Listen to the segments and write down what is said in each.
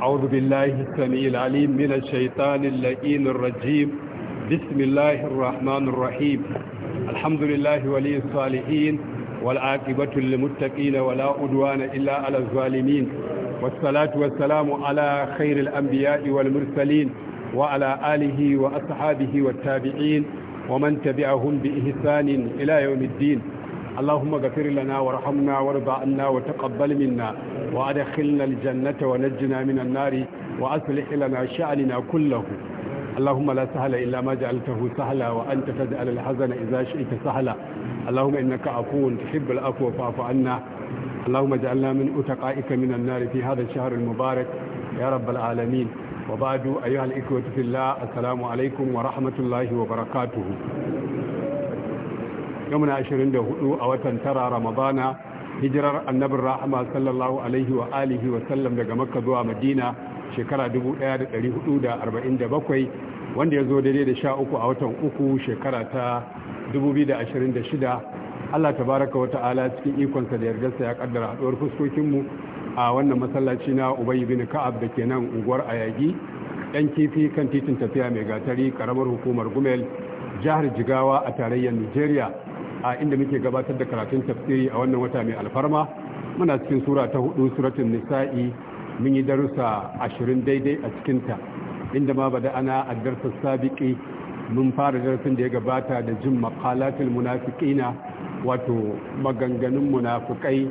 أعوذ بالله السميع العليم من الشيطان اللئيم الرجيم بسم الله الرحمن الرحيم الحمد لله ولي الصالحين والعاقبة للمتقين ولا أدوان إلا على الظالمين والصلاة والسلام على خير الأنبياء والمرسلين وعلى آله وأصحابه والتابعين ومن تبعهم بإحسان إلى يوم الدين اللهم غفر لنا وارحمنا وارض عنا وتقبل منا وأدخلنا الجنة ونجنا من النار وأصلح لنا شأننا كله اللهم لا سهل إلا ما جعلته سهلا وأنت تجعل الحزن إذا شئت سهلا اللهم إنك عفو تحب العفو فاعف عنا اللهم اجعلنا من أتقائك من النار في هذا الشهر المبارك يا رب العالمين وبعد أيها الإخوة في الله السلام عليكم ورحمة الله وبركاته يومنا 24 a watan ترى رمضانا hijirar annabin rahama sallallahu alaihi wa alihi wa sallam daga makka zuwa madina shekara 1447 wanda ya zo daidai da sha uku a watan uku shekara ta 2026 Allah ta baraka wa ta'ala cikin ikonsa da yardarsa ya kaddara haduwar fuskokinmu a wannan masallaci na ubayi bin Ka'ab da ke nan unguwar Ayagi ɗan kifi kan titin tafiya mai gatari karamar hukumar Gumel jihar Jigawa a tarayyar Nigeria a inda muke gabatar da karatun tafsiri a wannan wata mai alfarma muna cikin sura ta hudu suratun nisa'i mun yi darussa ashirin daidai a cikinta inda ma bada ana addarsa sabiki mun fara darasin da ya gabata da jin maqalatul munafiqina wato maganganun munafikai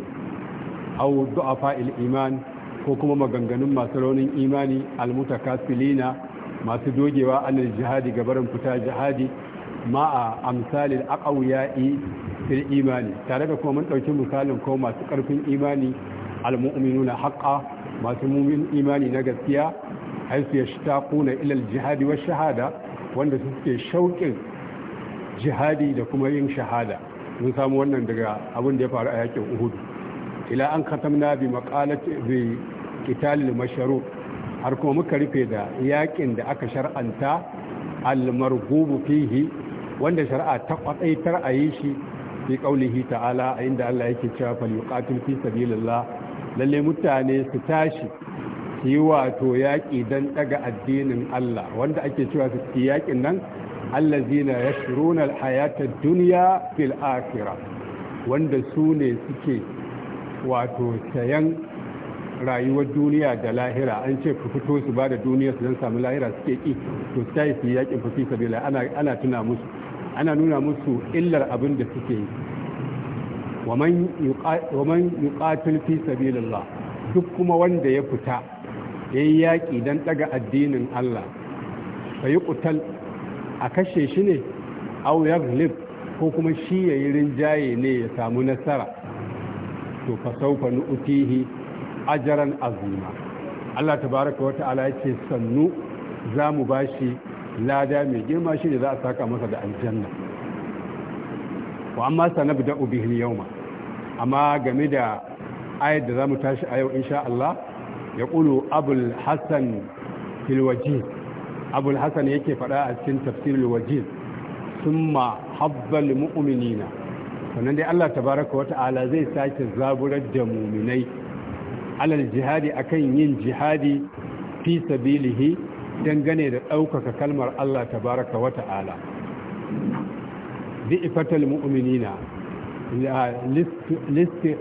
au du'afa iman ko kuma maganganun masu raunin imani almutakasilina masu dogewa alal jihadi gabarin fita jihadi ma'a amsalin aqawiya'i fil imani tare da kuma mun ɗauki misalin ko masu ƙarfin imani na haƙa masu mumin imani na gaskiya haisu ya shtaquna ila jihadi wa shahada wanda suke shauƙin jihadi da kuma yin shahada mun samu wannan daga abin da ya faru a yakin Uhud ila an katamna bi maqalati bi qitalil mashru har kuma muka rufe da yakin da aka shar'anta al-marghubu fihi wanda shari'a ta kwatsaitar a yi shi fi qaulihi ta'ala a inda Allah yake cewa fal yuqatil fi sabilillah lalle mutane su tashi su yi wato yaƙi don ɗaga addinin Allah wanda ake cewa su yi yaƙin nan Allah allazina yashruna hayata duniya fil akhirah wanda su ne suke wato sayan rayuwar duniya da lahira an ce ku fito su ba da duniya su don samu lahira suke ƙi, to yi su yaƙin fi sabila ana tuna musu ana nuna musu illar abin da suke yi wa man yuqatil fi sabilillah duk kuma wanda ya fita yayi yaki dan daga addinin Allah sai kutal a kashe shi ne aw yaghlib ko kuma shi yayi rinjaye ne ya samu nasara to fa sawfa nu'tihi ajran azima Allah tabaaraka wa ta'ala yace sannu za mu bashi lada mai girma shi ne za a saka masa da aljanna wa amma sanabu da ubihin yauma amma game da ayat da za mu tashi a yau insha Allah ya ƙulu abul hassan filwaji abul hassan yake faɗa a cikin tafsirin waji sun ma habbal mu'uminina sannan dai Allah tabaraka wa ta'ala zai sake zaburar da muminai alal jihadi akan yin jihadi fi sabilihi dangane da ɗaukaka kalmar Allah baraka wa ta'ala di'ifatal mu'minina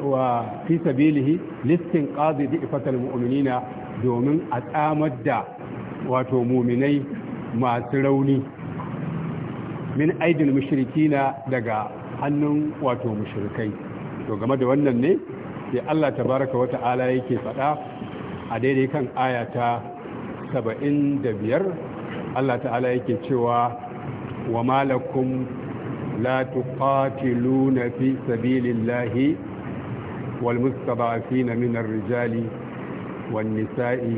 wa fi sabilihi listin qadi di'ifatal mu'uminina domin a tsamar da wato muminai masu rauni min mashiriki na daga hannun wato mashirikai to game da wannan ne sai Allah tabaraka wa ta'ala yake faɗa a daidai kan ayata da biyar, Allah ta'ala yake cewa wa malakum la tuqatiluna fi sabilillahi wal mustada'afina min ar-rijali wan nisa'i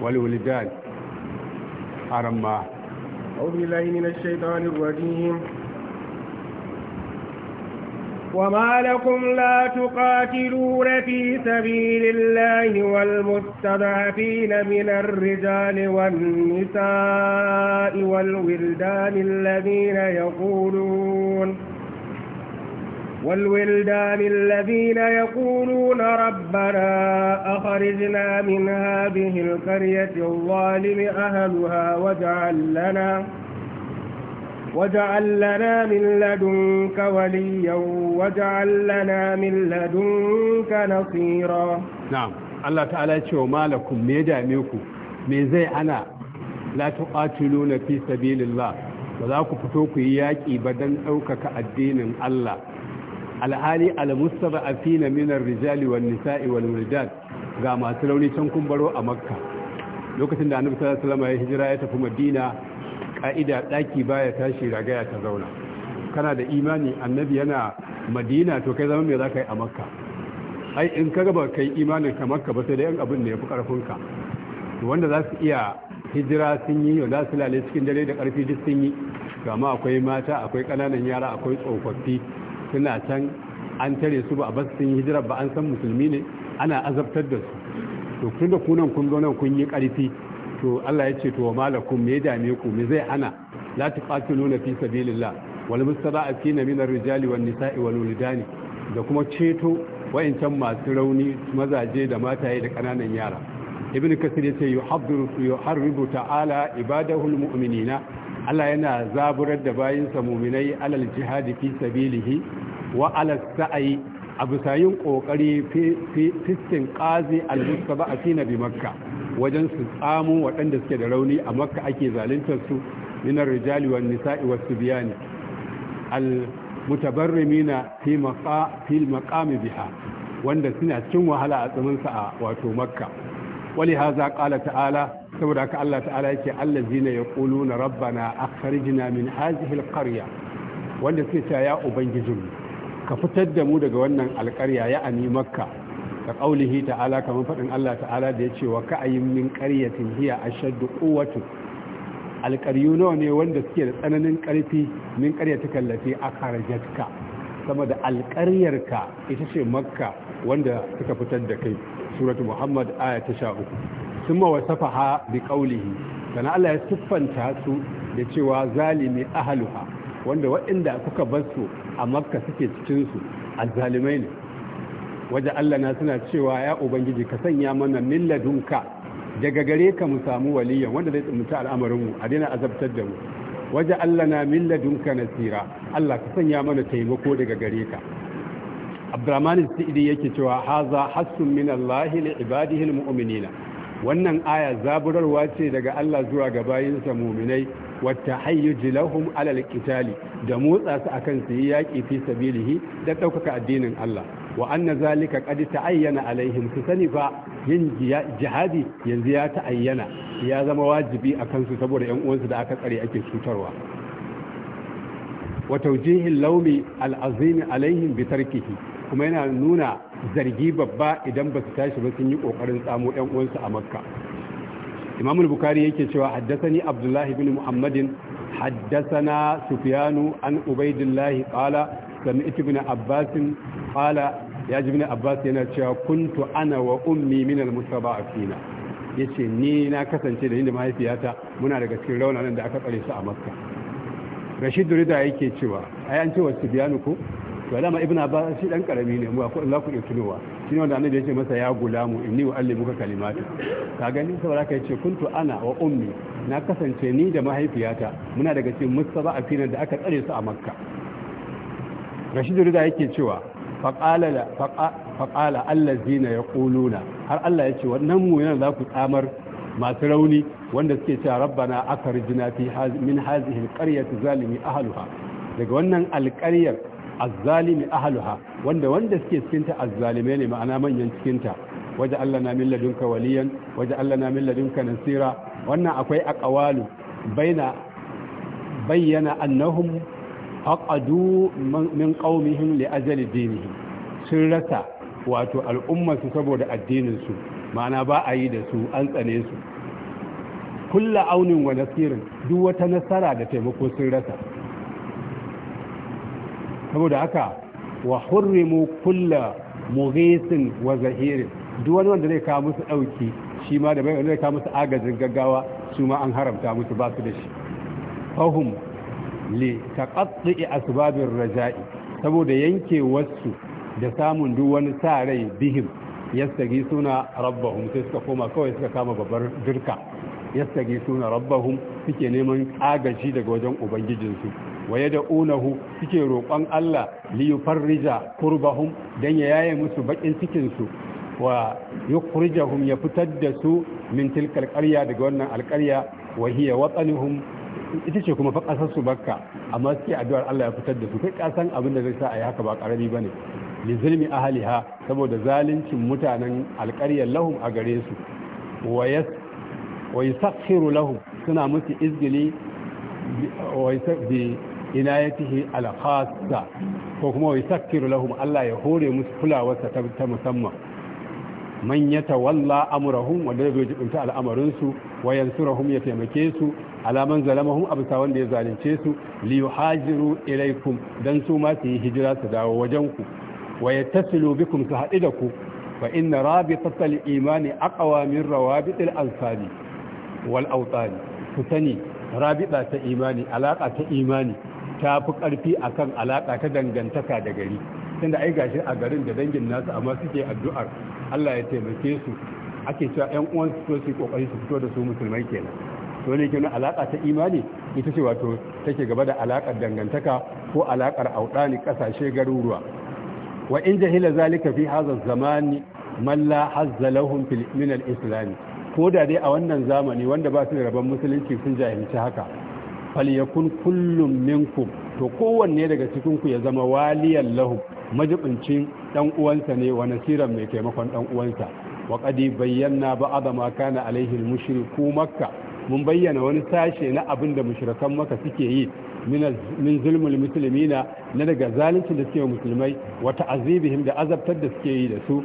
wal wildan haramma أعوذ بالله من الشيطان الرجيم وما لكم لا تقاتلون في سبيل الله والمستضعفين من الرجال والنساء والولدان الذين يقولون والولدان الذين يقولون ربنا أخرجنا من هذه القرية الظالم أهلها واجعل لنا واجعل لنا من لدنك وليا واجعل لنا من لدنك نصيرا نعم الله تعالى يقول ما لكم ميدا ميكو me zai ana la tuqatilu na fi sabilillah ba za ku fito ku yi yaƙi ba don ɗaukaka addinin Allah alhali almustaba afina min ar-rijali wan nisa'i wal ga masu rauni can kun a makka lokacin da annabi sallallahu alaihi wasallam ya hijira ya tafi madina ka'ida daki baya tashi ragaya ta zauna kana da imani annabi yana madina to kai zama mai za ka yi a makka ai in ka gaba kai imanin ka makka ba sai da yan abin da ya fi karfinka wanda za su iya hijira sun yi wanda su lale cikin dare da karfi duk sun yi gama akwai mata akwai kananan yara akwai tsofaffi suna can an tare su ba a bas sun yi hijira ba an san musulmi ne ana azabtar da su to tun da kunan kun zo nan kun yi karfi to Allah ya ce to wa malakum me dame ku me zai hana la tuqatiluna fi sabilillah wal mustada'afina min ar-rijali wan nisa'i wal da kuma ceto wayancan masu rauni mazaje da mataye da kananan yara ibn kasir yace yuhaddiru yuharribu ta'ala ibadahu muminina Allah yana zaburar da bayinsa muminai alal jihadi fi sabilihi wa ala sa'ayi abu sayin kokari fi fistin qazi al-mustafa a bi makka wajen su tsamo waɗanda suke da rauni a makka ake zaluntar su minar rijali wan nisa'i was subyani al mutabarrimina fi maqa fi maqami biha wanda suna cikin wahala a tsamin sa a wato makka wali haza qala ta'ala saboda ka Allah ta'ala yake allazina yaquluna rabbana akhrijna min hadhihi alqarya wanda suke cewa ya ubangijinmu ka fitar da mu daga wannan alƙarya ya ani makka ka ƙaulihi ta'ala kamar faɗin Allah ta'ala da ya ce wa ka'ayin min ƙaryatin hiya shaddu ƙuwatu alƙaryu nawa ne wanda suke da tsananin ƙarfi min ta kallafi a karajatka sama da alƙaryarka ita ce makka wanda suka fitar da kai suratu muhammad aya ta sha uku sun ma wasa faha bi ƙaulihi sana Allah ya siffanta su da cewa zalimi ahaluha wanda waɗanda kuka bar su a makka suke cikinsu a zalimai ne waje Allah na suna cewa ya ubangiji ka sanya mana min ladunka daga gare ka mu samu waliyya wanda zai tsimta al'amarinmu a daina azabtar da mu waje Allah na min ladunka nasira Allah ka sanya mana taimako daga gare ka Abdurrahman Sidi yake cewa haza hasun min Allah li ibadihi almu'minina wannan aya zaburarwa ce daga Allah zuwa ga bayinsa mu'minai wata hayyuji lahum alal qitali da motsa su akan su yi yaki fi sabilihi da ɗaukaka addinin Allah wa anna zalika qad ta'ayyana alaihim su sani fa yin jihadi yanzu ya ta'ayyana ya zama wajibi a kansu saboda yan uwansu da aka tsare ake cutarwa wa jihin laumi al'azim alaihim bi tarkihi kuma yana nuna zargi babba idan ba su tashi ba sun yi kokarin tsamo yan uwansu a makka Imamul al-bukhari yake cewa haddasa ni Abdullahi bin muhammadin حدثنا سفيان عن عبيد الله قال سمعت ابن عباس قال يا ابن عباس yana cewa kuntu ana wa ummi yace ni na kasance da inda mahaifiyata muna daga cikin nan da aka tsare su a Makka Rashid Rida yake cewa ayan cewa ce ko to dama ibn abbas shi dan karami ne mu ko Allah ku yake tunowa shi ne wanda annabi yake masa ya gulamu inni wa muka kalimatu ka gani saboda kai ce kuntu ana wa ummi na kasance ni da mahaifiyata muna daga cikin mustaba a filin da aka tsare su a makka rashidu rida yake cewa faƙala faqala allazina yaquluna har Allah ya ce wannan mu yana za ku tsamar masu rauni wanda suke cewa rabbana akarjina fi min hazihi alqaryati zalimi ahluha daga wannan alqaryar azzalimi ahluha wanda wanda suke cikin ta azzalime ne ma'ana manyan cikin ta waje Allah na min ladunka waliyan waje Allah na min ladunka nasira wannan akwai aqwalu baina bayyana annahum aqadu min qaumihim li ajali dinihim sun rasa wato al'umma su saboda addinin su ma'ana ba a yi da su an tsane su kulla aunin wa nasirin duk wata nasara da taimako sun rasa saboda haka wa hurrimu kulla mughisin wa zahirin duk wani wanda zai kawo musu dauki shi ma da bai zai kawo musu agajin gaggawa su ma an haramta musu ba su da shi fahum li taqatti asbabir raja'i saboda yanke wasu da samun duk wani sa rai bihim yastagi suna rabbahum sai suka koma kawai suka kama babbar dirka yastagi suna rabbahum suke neman agaji daga wajen ubangijinsu wa Unahu suke roƙon Allah li yufarrija kurbahum dan ya yaye musu bakin cikin su wa yukhrijahum ya fitar da su min tilkal qarya daga wannan alqarya wa hiya watanuhum ita ce kuma fakasar su bakka amma suke addu'ar Allah ya fitar da su kai kasan abin da zai sa a yi haka ba karami bane li zulmi ahliha saboda zaluncin mutanen alqaryar lahum a gare su wa yas wa yusakhiru lahum suna musu izgili wa bi inayatihi alkhassa ko kuma wai sakkiru lahum Allah ya hore musu kulawarsa ta musamman man ya tawalla amurahum wanda zai jibinta al'amarinsu wa yansurahum ya taimake su alaman zalamahum abusa wanda ya zalunce su li yuhajiru ilaikum dan su ma su yi hijira su dawo wajen ku wa yattasilu bikum su haɗu da ku fa inna rabitatal imani aqwa min rawabitil ansabi wal awtani ku sani rabita ta imani alaka ta imani ta fi ƙarfi a kan alaƙa ta dangantaka da gari tunda ai gashi a garin da dangin nasu amma suke addu'ar Allah ya taimake su ake cewa ƴan uwan su so su kokari su fito da su musulmai kenan to ne kenan alaƙa ta imani ita ce wato take gaba da alaƙar dangantaka ko alaƙar auɗani ƙasashe garuruwa wa in jahila zalika fi hadha zamani man la hazza lahum fil min al-islam ko da dai a wannan zamani wanda ba su da rabon musulunci sun jahilci haka falyakun kullum minkum to kowanne daga cikin ku ya zama waliyan lahu majibincin dan uwansa ne wa nasiran mai taimakon dan uwansa wa qadi bayyana ba'da ma kana alaihi al-mushriku makka mun bayyana wani sashe na abinda da mushrikan makka suke yi min zulmul muslimina na daga zaluncin da suke musulmai wa ta'azibihim da azabtar da suke yi da su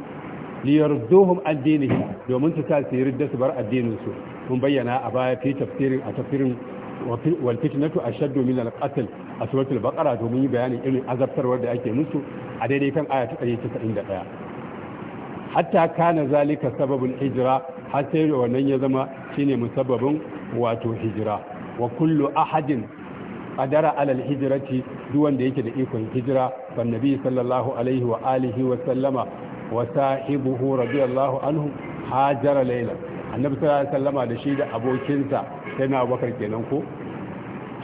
liyarduhum addinihim domin su tasiri da su bar addinin su mun bayyana a baya fi tafsirin a tafsirin wal fitnatu ashaddu min al a suratul baqara domin yi bayanin irin azabtarwar da ake musu a daidai kan casa'in ta 191 hatta kana zalika sababul hijira, har sai wannan ya zama shine musabbabin wato hijira wa kullu ahadin qadara ala hijiraci duwanda duk wanda yake da ikon hijira ban nabi sallallahu alaihi wa alihi wa sallama wa sahibuhu radiyallahu anhu hajara laylan annabi sallallahu alaihi wasallama da shi da abokinsa sai na bakar kenan ko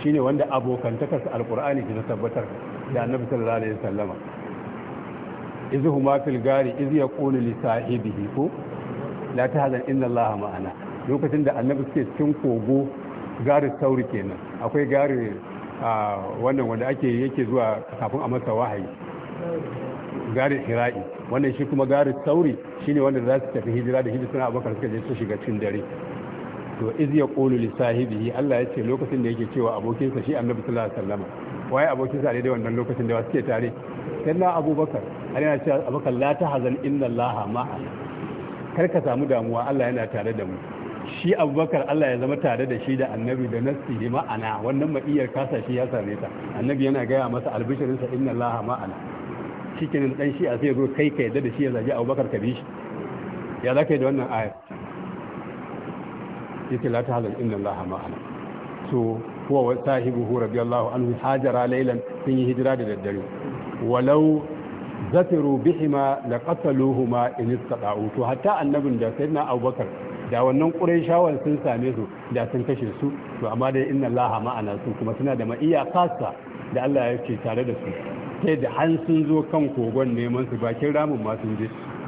shine wanda abokantaka su alqur'ani ke tabbatar da annabi sallallahu alaihi wasallama izu huma fil gari iz yaqulu li sahibihi ko la tahzan inna allaha ma'ana lokacin da annabi suke cikin kogo gari sauri kenan akwai gari wannan wanda ake yake zuwa kafin a masa wahayi gari hira'i wannan shi kuma gari sauri shine wanda za su tafi hijira da hijira suna abokan suka je su shiga cikin dare to iz ya qulu li sahibihi Allah ya ce lokacin da yake cewa abokinsa shi annabi sallallahu alaihi wasallam waye abokinsa a daidai wannan lokacin da suke tare sayyidina abubakar har yana cewa abubakar la tahzan inna allaha ma'a kar ka samu damuwa Allah yana tare da mu shi abubakar Allah ya zama tare da shi da annabi da nasi ma'ana wannan ma'iyar kasa shi ya same ta annabi yana gaya masa albishirinsa inna Laha ma'ana shi kenan dan shi a sai zo kai ka yadda da shi ya zagi abubakar ka bi shi ya za ka yi da wannan ayar yake la ta halar inda Allah ma'ana so huwa wa sahibu hu radiyallahu anhu hajara Lailan sun yi hijira da daddare walau zafiru bihima la ma in istata'u to hatta annabin da sai abu abubakar da wannan qurayshawan sun same su da sun kashe su to amma dai inna Allah ma'ana su kuma suna da ma'iya kasa da Allah ya ce tare da su sai da an sun zo kan kogon neman su bakin ramin ma sun je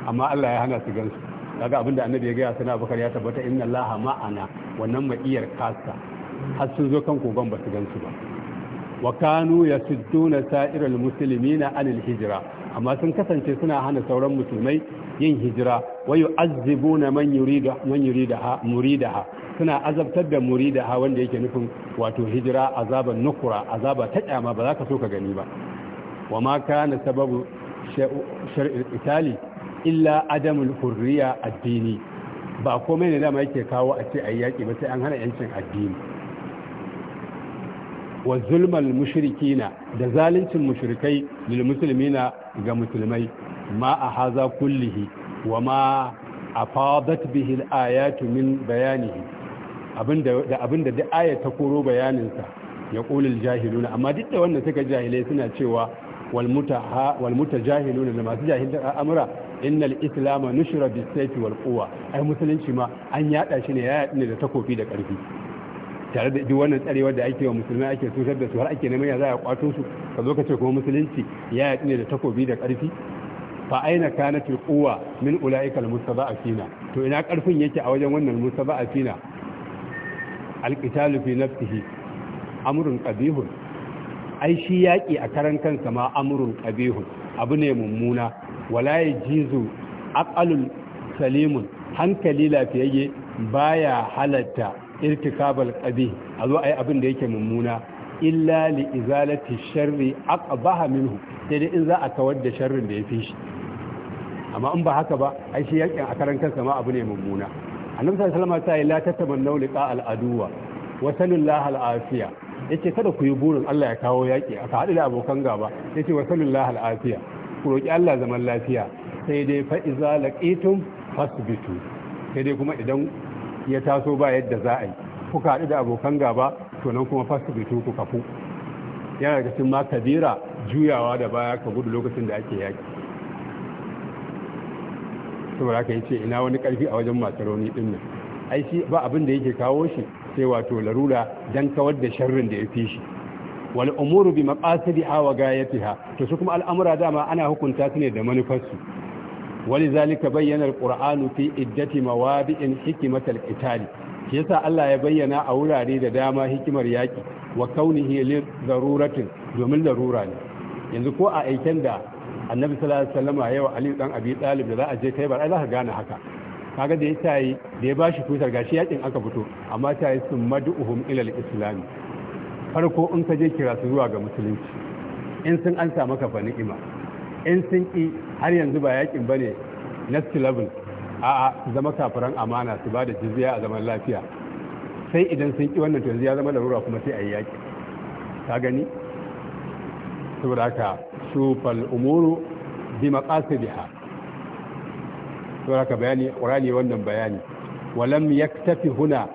amma Allah ya hana su gansu kaga abinda annabi ya gaya sana bakar ya tabbata inna allaha ma'ana wannan ma'iyar kasa har sun zo kan kogon ba su gansu ba wa kanu yasudduna sa'iral muslimina anil hijra amma sun kasance suna hana sauran musulmai yin hijira wa yu'azzibuna man yurida man muridaha suna azabtar da muridaha wanda yake nufin wato hijira azaban nukura azaba ta kyama ba za ka so ka gani ba wa ma سبب sababu shar'il itali illa adamul الديني addini ba komai ne dama yake kawo a ce ayi yaki ba sai an hana yancin addini wa zulmal mushrikina da zaluncin mushrikai lil muslimina ga musulmai ma a haza kullihi wa ma afadat bihi al-ayatu min bayanihi abinda da abinda duk ayata ta koro bayaninsa ya qulul jahiluna amma duk da wannan suka jahilai suna cewa wal mutajahiluna da masu jahiltar al'amura innal islam nushra bis sayfi wal quwwa ai musulunci ma an yada shi ne ya yada da takofi da karfi tare da duk wannan tsarewar da ake wa musulmai ake tutar da su har ake neman ya za a kwato su ka zo ka ce kuma musulunci ya yada ne da takobi da karfi fa aina kanat al quwwa min ulaika al mustada'afina to ina karfin yake a wajen wannan mustada'afina al qitalu fi nafsihi amrun qabihun ai shi yaƙi a karan kansa ma amurun ƙabihun abu ne mummuna wala ya jizu aqalul salimun hankali lafiyayye baya halatta irtikabal ƙabi a zo ai abin da yake mummuna illa li izalati sharri aqbaha minhu sai dai in za a kawar da sharrin da ya fi shi amma in ba haka ba ai shi yaƙin a karan kansa ma abu ne mummuna annabi sallallahu alaihi wasallam ta yi la tatamannu liqa al aduwa wa sallallahu al yake kada ku yi burin Allah ya kawo yaƙi, yaki ka haɗu da abokan gaba ya yace wa sallallahu al'afiya ku roƙi Allah zaman lafiya sai dai fa'iza iza laqitum fasbitu sai dai kuma idan ya taso ba yadda za a yi kuka haɗu da abokan gaba to nan kuma fasbitu ku kafu yana da cin ma kabira juyawa da baya ka gudu lokacin da ake yaƙi, saboda haka ce ina wani ƙarfi a wajen masu rauni din nan ai shi ba abin da yake kawo shi sai wato larura dan kawar da sharrin da ya fi shi wal umuru bi maqasidiha wa ha? to su kuma al'amura dama ana hukunta su ne da manufarsu ولذلك بين القرآن في عدة موابع حكمة القتال yasa Allah ya bayyana a wurare da dama hikimar yaki wa kaunihi lil zaruratin domin larura ne yanzu ko a aiken da Annabi sallallahu alaihi wasallam ya wa Ali dan Abi Talib da za a je Khaibar ai za ka gane haka kaga da ya tayi da ya ba bashi kusar gashi yakin aka fito amma ta yi sun maduuhum ila al-islam farko in ka je kira su zuwa ga musulunci in sun ansa maka fa ni'ima in sun ki har yanzu ba yakin bane next level a'a su zama kafiran amana su ba da jizya a zaman lafiya sai idan sun ki wannan to yanzu ya zama larura kuma sai a yi yaki ka gani saboda haka shufal umuru bi maqasidiha don haka bayani ƙurani wannan bayani walam yaktafi huna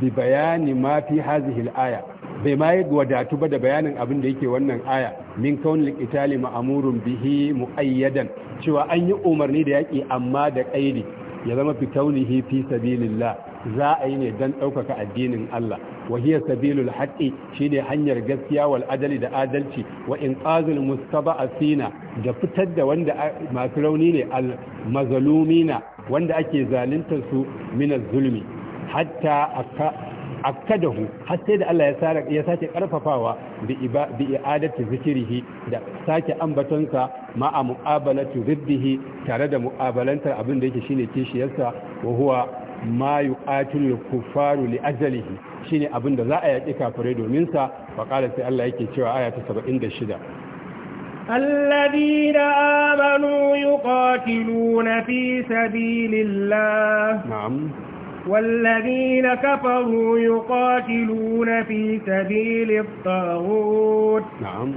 bi bayani ma fi hazihi aya bai ma wadatu ba da bayanin abin da yake wannan aya min kaunin Likitali ma'amurin bihi mu'ayyadan cewa an yi umarni da yaƙi amma da ƙairi. ya zama fi kaunihi fi sabilillah za a yi ne don ɗaukaka addinin Allah wa hiya sabilul haqqi shine hanyar gaskiya wal adali da adalci wa inqazul mustaba'asina da fitar da wanda masu rauni ne al mazlumina wanda ake zaluntar su min zulmi hatta akkadahu har sai da Allah ya sake karfafawa bi i'adati zikirihi da sake ambatonsa ma a mu'abalatu ribbihi, tare da mu'abalantar abin da yake shine kishiyarsa wa huwa ma yuqatil kufaru li ajalihi shine abin da za a yaki kafare domin sa fa sai Allah yake cewa aya ta 76 الذين آمنوا يقاتلون في سبيل الله نعم والذين كفروا يقاتلون في سبيل الطاغوت نعم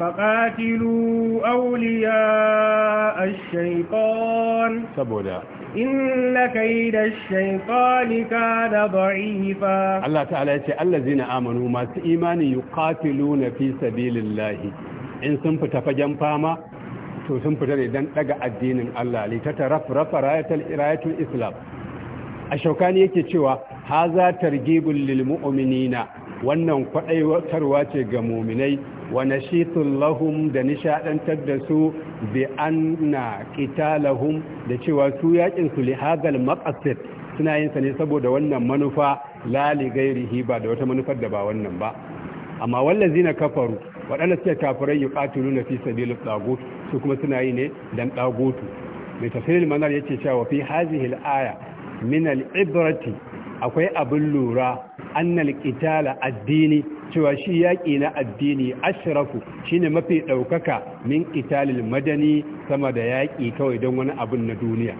فقاتلوا أولياء الشيطان سبودا إن كيد الشيطان كان ضعيفا الله تعالى يقول الذين آمنوا ما إيمان يقاتلون في سبيل الله إن سنفت فجنفا ما سنفت لدن ne الدين الله لتترف Allah راية, ta الإسلام الشوكان islam a shaukani yake cewa haza targibul lil ce ga mu'minai wa nashitun lahum da nishadantar da su bi anna qitalahum da cewa su yakin su li hadal maqasid suna yin sa ne saboda wannan manufa la li ba da wata manufar da ba wannan ba amma wallazina kafaru waɗanda suke kafirai na fi sabilil tagut su kuma suna yi ne dan tagutu mai tafsirin manar yace cewa fi hazihi al-aya min al-ibrati akwai abin lura annal ƙitala addini cewa shi yaƙi na addini ashrafu shine mafi ɗaukaka min qitalil madani sama da yaƙi kawai don wani abin na duniya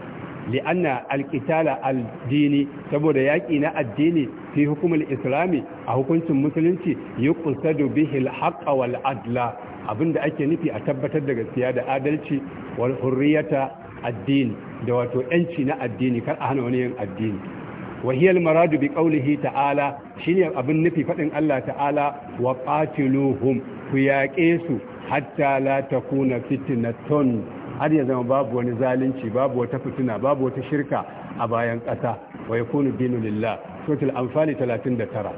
li'anna alƙitala addini saboda yaƙi na addini fi hukumar islami a hukuncin musulunci yuqsadu bihi al-haqqa wal adla abinda ake nufi a tabbatar da gaskiya da adalci wal hurriyata addini da wato yanci na addini kar a hana wani yin addini Wahiyar maradu bi qawlihi ta'ala shine abin nufi fadin Allah ta'ala wa qatiluhum ku yaƙe su hatta la takuna fitnatun har ya zama babu wani zalunci babu wata fitina babu wata shirka a bayan ƙasa wa yakunu dinu lillah suratul da 39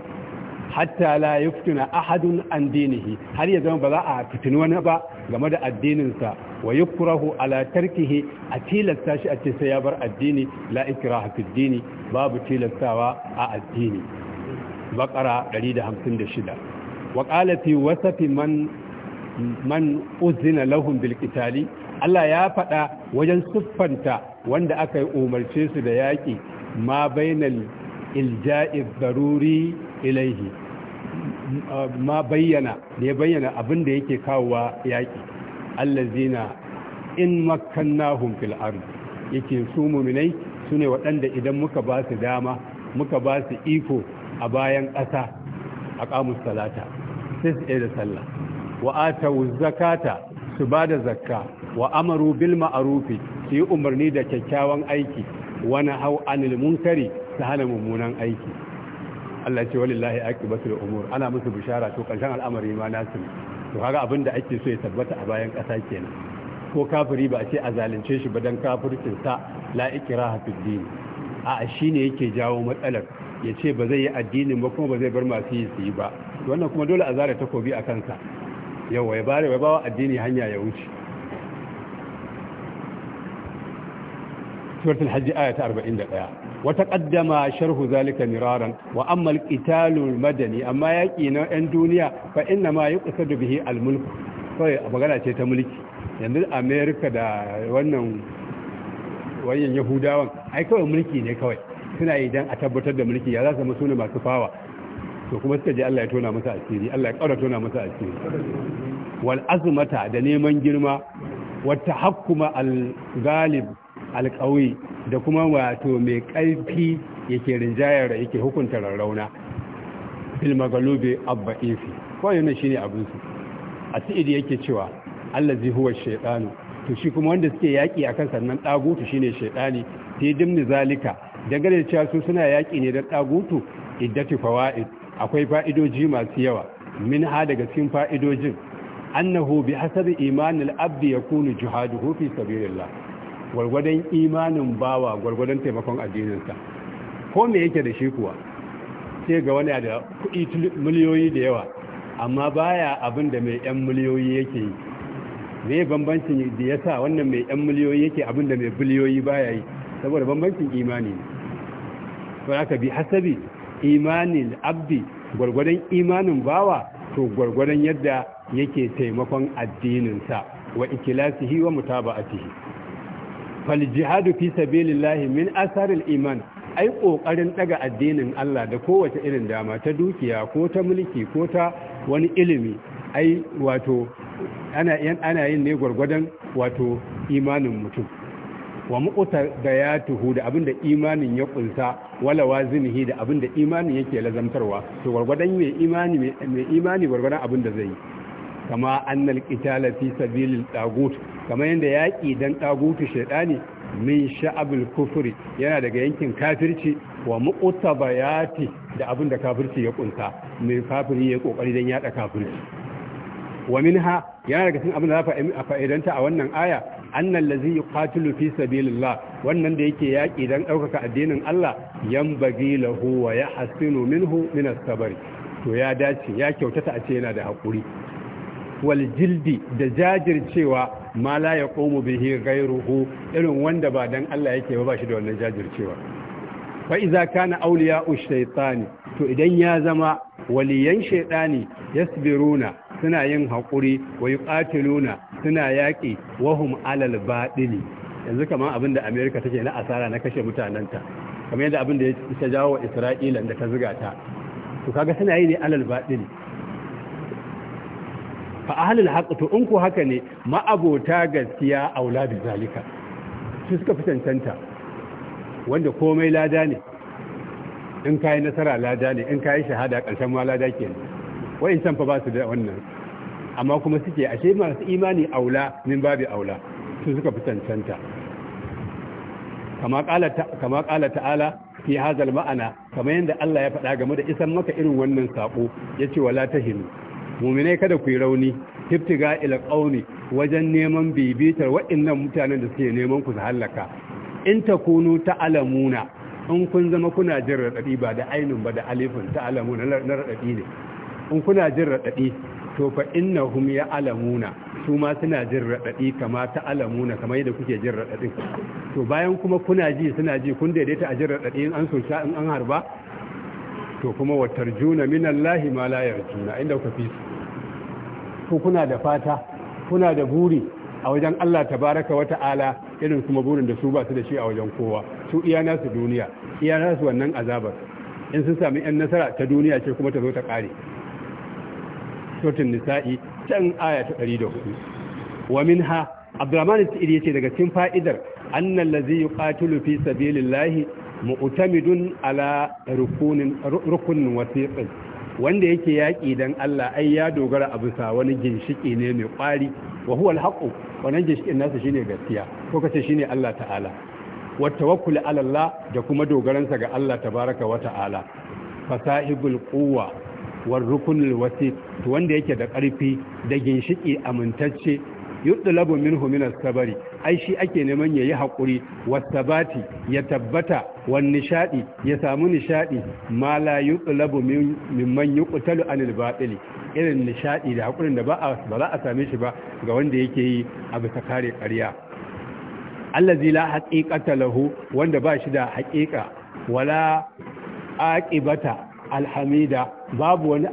hatta la yaftuna ahadun an dinihi har ya zama ba za a fitini wani ba game da addininsa wa yukrahu ala tarkihi a tilasta shi a ce sai ya bar addini la ikraha dini babu tilastawa a addini bakara 156 wa qala fi wasafi man man uzina lahum bil Allah ya faɗa wajen siffanta wanda aka yi umarce su da yaƙi ma bainal ilja'i daruri ilaihi ma bayyana da ya bayyana abin da yake kawowa yaƙi allazina in makkannahum fil ard yake su muminai sune waɗanda idan muka ba su dama muka ba su iko a bayan ƙasa a ƙamus talata sai su da sallah wa atawu zakata su ba da zakka wa amaru bil ma'arufi su yi umarni da kyakkyawan aiki wani hau anil munkari su hana mummunan aiki Allah ce walillahi da umur ana musu bishara to karshen al'amari ma nasu to kaga abin da ake so ya tabbata a bayan ƙasa kenan ko kafiri ba a ce a zalunce shi ba dan kafircin sa la ikraha fid din a ne yake jawo matsalar ya ce ba zai yi addinin ba kuma ba zai bar masu yi su yi ba wannan kuma dole a zare takobi a kansa yau ya bare ya bawa addini hanya ya wuce suratul hajji aya ta 41 sharhu zalika miraran wa amma al madani amma yaki na yan duniya fa inna ma ce ta mulki yanzu America da wannan wayan Yahudawan ai mulki ne kawai suna yi a tabbatar da mulki ya za su zama masu fawa to kuma suka ya tona asiri Allah ya kaura tona masa asiri wal da neman girma wata hakkuma al-galib Alƙawai da kuma wato mai ƙarfi yake rinjayar da yake hukunta rarrauna filmagalube abba ifi yana shi ne abinsu a sa'idi yake cewa allazi huwa shaidanu to shi kuma wanda suke yaƙi a kan sannan ɗagutu shi ne shaidani sai dimni zalika dangane da cewa su suna yaƙi ne don ɗagutu iddatu fawa'id akwai fa'idoji masu yawa min ha daga cikin fa'idojin annahu bi hasabi imanil abdi yakunu jihaduhu fi sabilillah gwargwadon imanin bawa gwargwadon taimakon addininsa ko me yake da shi kuwa sai ga wani da kuɗi miliyoyi da yawa amma baya abin da mai yan miliyoyi yake yi me bambancin da ya sa wannan mai yan miliyoyi yake abin da mai biliyoyi baya yi saboda bambancin imani ne to ka bi hasabi imanin abdi gwargwadon imanin bawa to gwargwadon yadda yake taimakon addininsa wa ikilasihi wa mutaba'atihi fal jihadu fi sabilillahi min asaril iman ai kokarin daga addinin Allah da kowace irin dama ta dukiya ko ta mulki ko ta wani ilimi ai wato ana yin ana yin ne gurgurdan wato imanin mutum wa muqta bayatuhu da abinda imanin ya kunsa wala wazimihi da abinda imanin yake lazamtarwa to gurgurdan mai imani mai imani gurgurdan abinda zai yi kama annal qitala fi sabilil tagut kamar yadda yaƙi dan ɗagutu ne, min sha'abul kufuri yana daga yankin kafirci wa bayati da abin da kafirci ya kunta mai kafiri ya kokari don yaɗa kafirci wa ha yana daga cikin abin da za fa'idanta a wannan aya lazi yi katilu fi sabilillah wannan da yake yaƙi don ɗaukaka addinin Allah Yan bagi lahu wa hasinu minhu min as to ya dace ya kyautata a ce yana da haƙuri. Waljildi da jajircewa ma la ya komu bihi hu irin wanda ba dan Allah yake ba shi da wannan jajircewa fa iza kana awliya'u shaytani to idan ya zama waliyan shaytani yasbiruna suna yin haƙuri wa yuqatiluna suna yaƙi wahum alal batili yanzu kamar abin da America take na asara na kashe mutanenta kamar yadda abin da ya jawo Isra'ila da ta zuga ta to kaga suna yi ne alal batili fa ahlul haqq to in ku haka ne ma'abota gaskiya aulabi zalika su suka fi cancanta wanda komai lada ne in kai nasara lada ne in kai shahada ƙarshen ma lada ke ne wa'in can fa ba su da wannan amma kuma suke ashe masu imani aula min babu aula su suka fi cancanta kama ƙala ta'ala fi hazal ma'ana kama yadda Allah ya faɗa game da isan maka irin wannan saƙo ya ce wala ta hinu muminai kada ku yi rauni iftiga ila qauni wajen neman bibitar waɗannan mutanen da suke neman ku su hallaka in ta alamuna, in kun zama kuna jin raɗaɗi ba da ainun ba da alifin alamuna, na radadi ne in kuna jin raɗaɗi, to fa innahum alamuna, su ma suna jin raɗaɗi kama ta alamuna, kamar yadda kuke jin raɗaɗi. to bayan kuma kuna ji suna ji kun daidaita a jin raɗaɗi in an soka in an harba to kuma watar juna, min Allah ma layar yarjuna inda kuka fi Su kuna da fata kuna da buri a wajen Allah tabaraka wata ala irin kuma burin da su ba su da shi a wajen kowa su iya nasu duniya iya nasu wannan azabar in sun sami yan nasara ta duniya ce kuma ta zo ta kare suratul nisa'i can aya ta 104 wa minha abdurrahman al-sa'idi yace daga cikin fa'idar annal ladzi yuqatilu fi sabilillahi mu'tamidun ala rukunin rukunin wasiqin wanda yake yaki dan Allah ai ya dogara a bisa wani ginshiki ne mai ƙwari wa huwa alhaqu wannan ginshikin nasa shine gaskiya ko kace shine Allah ta'ala wa tawakkul ala Allah da kuma dogaransa ga Allah tabaaraka wa ta'ala fasahibul quwwa war rukunul wasiq wanda yake da ƙarfi da ginshiki amintacce yudlabu minhu min as-sabri ai shi ake neman ya yi haƙuri wasabati ya tabbata wani nishaɗi ya samu nishaɗi ma la yutlabu mimman yuqtalu anil batili irin nishaɗi da haƙurin da ba za a same shi ba ga wanda yake yi a bisa kare ƙarya Allah zila haqiqata lahu wanda ba shi da haƙiƙa wala aƙibata alhamida babu wani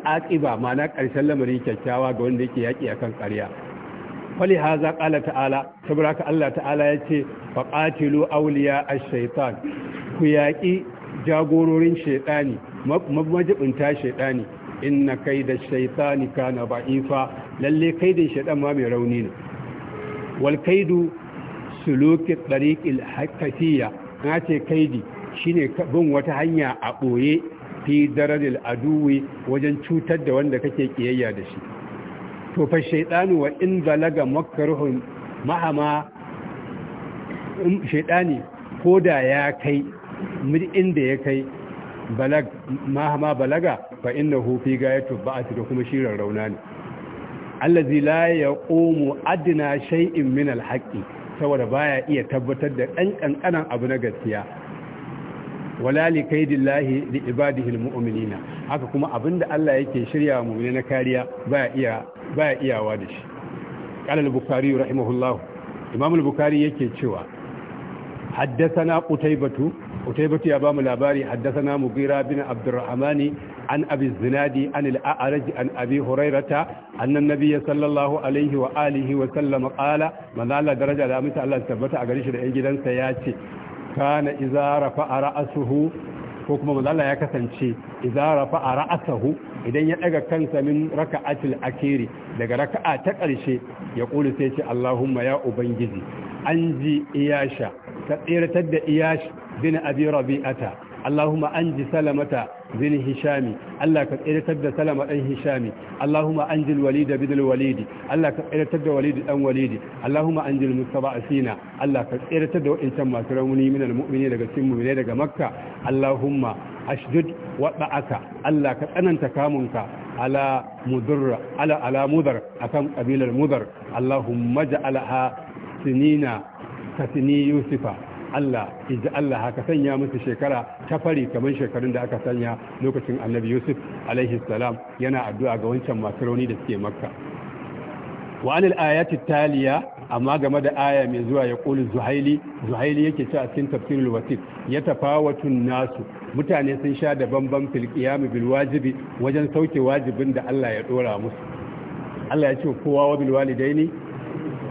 ma na ƙarshen lamarin kyakkyawa ga wanda yake yaƙi akan ƙarya fali haza ƙala ta'ala saboda Allah ta'ala ya ce faƙatilu auliya a shaitan ku yaƙi jagororin shaitani majibinta shaitani inna kai da shaitani kana ba'ifa lalle kaidin shaitan ma mai rauni ne wal kaidu suluki tsariƙil haƙafiya na ce kaidi shine bin wata hanya a ɓoye fi darajar aduwi wajen cutar da wanda kake ƙiyayya da shi to fa shaidanu wa in balaga makaruhun mahama um, shaidani ko da ya kai inda ya kai balag mahama balaga fa innahu fi gayatu ba'ati da kuma shirin rauna ne allazi la yaqumu adna shai'in min alhaqi saboda baya iya tabbatar da dan kankanan abu na gaskiya wala li kaidillahi li ibadihi almu'minina haka kuma abinda Allah yake shirya mu'mini na kariya baya iya baya iyawa da shi qala Bukari bukhari rahimahullah imam al-bukhari yake cewa haddathana qutaybatu qutaybatu ya bamu labari haddathana mughira bin abdurrahman an abi zinadi an al-a'raj an abi hurairata anna an-nabiy sallallahu alaihi wa alihi wa sallam qala man alla daraja da mutalla tabbata a gare shi da yan gidansa yace kana idza rafa'a ra'suhu ko kuma manzala ya kasance idza a ra'asahu idan ya daga kansa min raka'atil akhiri daga raka'a ta karshe ya kulu sai ce Allahumma ya ubangiji anji iyasha ka tsiratar da iyash bin abi rabi'ata Allahumma anji salamata bin hishami Allah ka tsirtar da salama dan hishami Allahumma anjil walida bidil walidi Allah da walidi dan walidi Allahumma anjil mustaba'asina Allah ka tsirtar da wa'incan masu rauni daga cikin mu'mini daga makka Allahumma ashdud wa aka Allah ka tsananta kamunka ala mudurra ala ala mudar akan kabilar mudar Allahumma ja'alha sinina yusufa Allah Allah haka sanya musu shekara ta fari kamar shekarun da aka sanya lokacin annabi Yusuf alaihi salam yana addu'a ga wancan masu rauni da suke makka wa anil ayati taliya amma game da aya mai zuwa ya kulu zuhaili zuhaili yake cewa cikin tafsirul wasiq ya tafawatun nasu mutane sun sha da bamban fil qiyam bil wajibi wajen sauke wajibin da Allah ya dora musu Allah ya ce kowa wa bil walidaini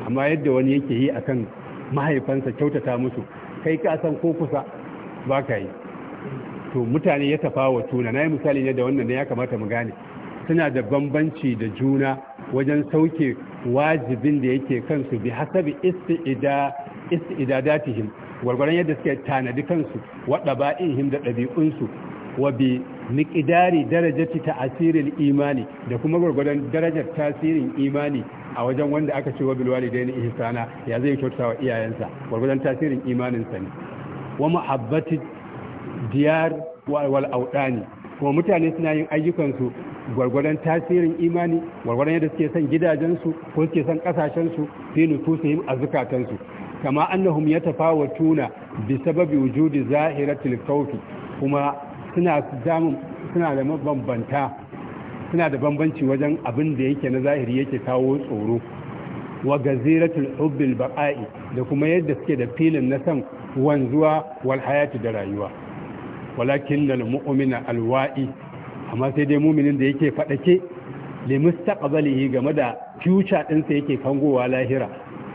amma yadda wani yake yi akan mahaifansa kyautata musu kai ka san ko kusa ba ka yi to mutane ya tafawa tuna na yi misali ne da wannan ne ya kamata mu gane suna da bambanci da juna wajen sauke wajibin da yake kansu bi hasabi istidadatihim gwargwaron yadda suke tanadi kansu wadda ba'ihim da ɗabi'unsu wa bi miƙidari darajati ta'asirin imani da kuma gwargwaron darajar tasirin imani a wajen wanda aka ce wa bil walidaini ihsana ya zai kyautata wa iyayensa gurgurdan tasirin imanin ne wa mahabbati diyar wal audani kuma mutane suna yin ayyukansu gwargwadon tasirin imani gwargwadon yadda suke son gidajensu ko suke son kasashensu fi nufusihim a zukatansu kama annahum yatafawatuna bi sababi wujudi zahiratil kawfi kuma suna suna da mabambanta suna da bambanci wajen abin da yake na zahiri yake kawo tsoro wa gaziratul hubbil baqa'i da kuma yadda suke da filin na san wanzuwa wal hayati da rayuwa walakin lil mu'mina alwa'i amma sai dai muminin da yake fadake li mustaqbalihi game da future ɗinsa yake kangowa lahira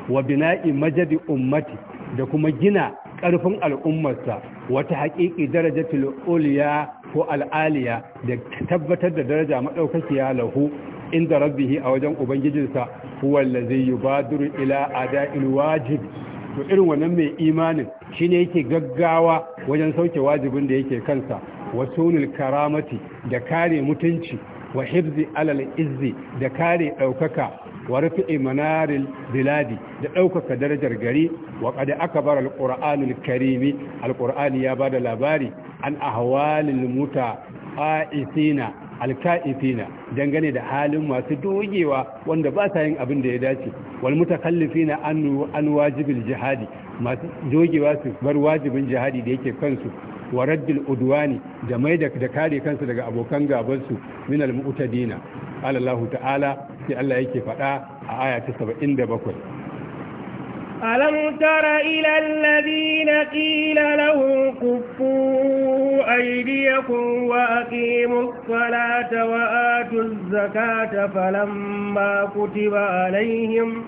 wa bina'i majadi ummati da kuma gina ƙarfin al'ummarsa wata haƙiƙi darajatul uliya ko al'aliya da tabbatar da daraja madaukakiya lahu inda rabbihi a wajen ubangijinsa zai yi yubadiru ila ada'il wajib to irin wannan mai imanin shine yake gaggawa wajen sauke wajibin da yake kansa wasunul karamati da kare mutunci wa hibzi alal izzi da kare ɗaukaka. wa rufi'i manaril biladi da ɗaukaka darajar gari wa kada aka bar alƙur'anul karimi alƙur'ani ya bada labari an ahwalil muta a'isina alka'ifina dangane da halin masu dogewa wanda ba sa yin abin da ya dace wal mutakallifina an an wajibil jihadi masu dogewa su bar wajibin jihadi da yake kansu wa raddil udwani da mai da kare kansu daga abokan gabansu min al mu'tadina qala Allah ta'ala ce Allah yake faɗa a aya ta 77 ألم تر إلى الذين قيل لهم كفوا أيديكم وأقيموا الصلاة وآتوا الزكاة فلما كتب عليهم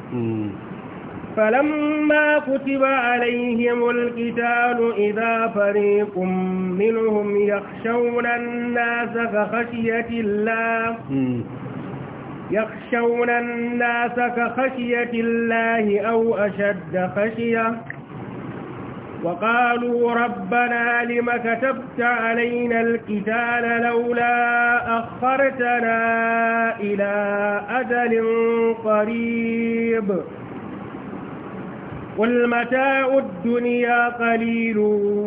فلما كتب عليهم القتال إذا فريق منهم يخشون الناس كخشية الله يخشون الناس كخشية الله أو أشد خشية وقالوا ربنا لم كتبت علينا الكتاب لولا أخرتنا إلى أجل قريب قل متاع الدنيا قليل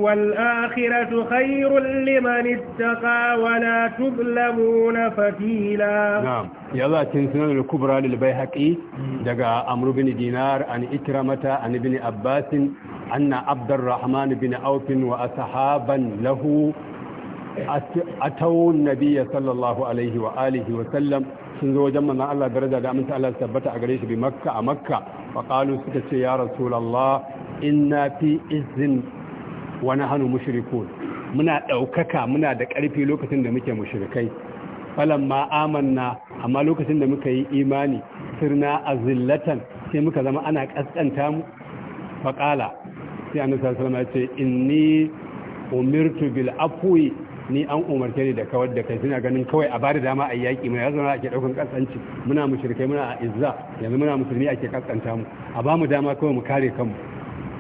والآخرة خير لمن اتقى ولا تظلمون فتيلا نعم يلا تنسنان الكبرى للبيهقي دقى أمر بن دينار عن إكرمة عن ابن عباس أن عبد الرحمن بن أوف وأصحابا له أتوا النبي صلى الله عليه وآله وسلم sun zo wajen manzon Allah daraja da aminta Allah tabbata a gare shi bi makka a makka fa qalu suka ce ya rasulullah inna fi izzin wa nahnu mushrikun muna daukaka muna da karfi lokacin da muke mushrikai falamma amanna amma lokacin da muka yi imani sirna azillatan sai muka zama ana kaskanta mu fa qala sai annabi sallallahu alaihi wasallam ya ce inni umirtu bil afwi ni an umarce ni da kawar da kai suna ganin kawai a bada dama a yaƙi mai yanzu ake ɗaukar ƙasƙanci muna mushrikai muna a izza yanzu muna musulmi ake ƙasƙanta mu a ba mu dama kawai mu kare kanmu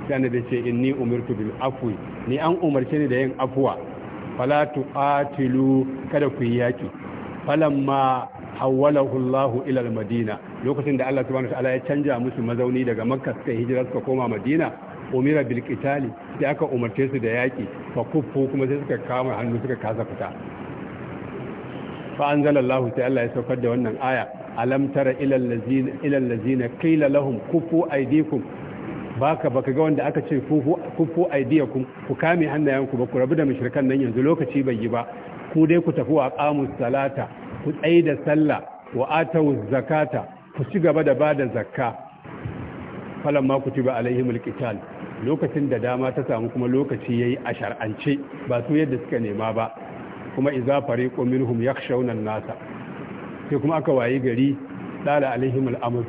sai annabi ce inni umirtu bil afwi ni an umarce ni da yin afuwa? fala tuqatilu kada ku yi yaƙi falamma hawwalahu Allahu ila al-Madina lokacin da Allah subhanahu wa ta'ala ya canja musu mazauni daga Makka suka hijira suka koma Madina umira bil qitali sai aka umarce su da yaki fa kuffu kuma sai suka kama hannu suka kasa fita fa anzalallahu sai Allah ya saukar da wannan aya alam tara ilal ladzina ilal ladzina qila lahum kuffu aydikum baka baka ga wanda aka ce Kuffu kuffu aydikum ku kame hannayenku ba ku rabu da mushrikan nan yanzu lokaci bai yi ba ku dai ku tafi wa musalata, salata ku tsaye da sallah wa atawuz zakata ku ci gaba da bada zakka falan ma kutiba alaihi mulkital lokacin da dama ta samu kuma lokaci yayi a shar'ance ba su yadda suka nema ba kuma idza fariqu minhum yakhshawna an-nasa sai kuma aka wayi gari dala alaihi al-amr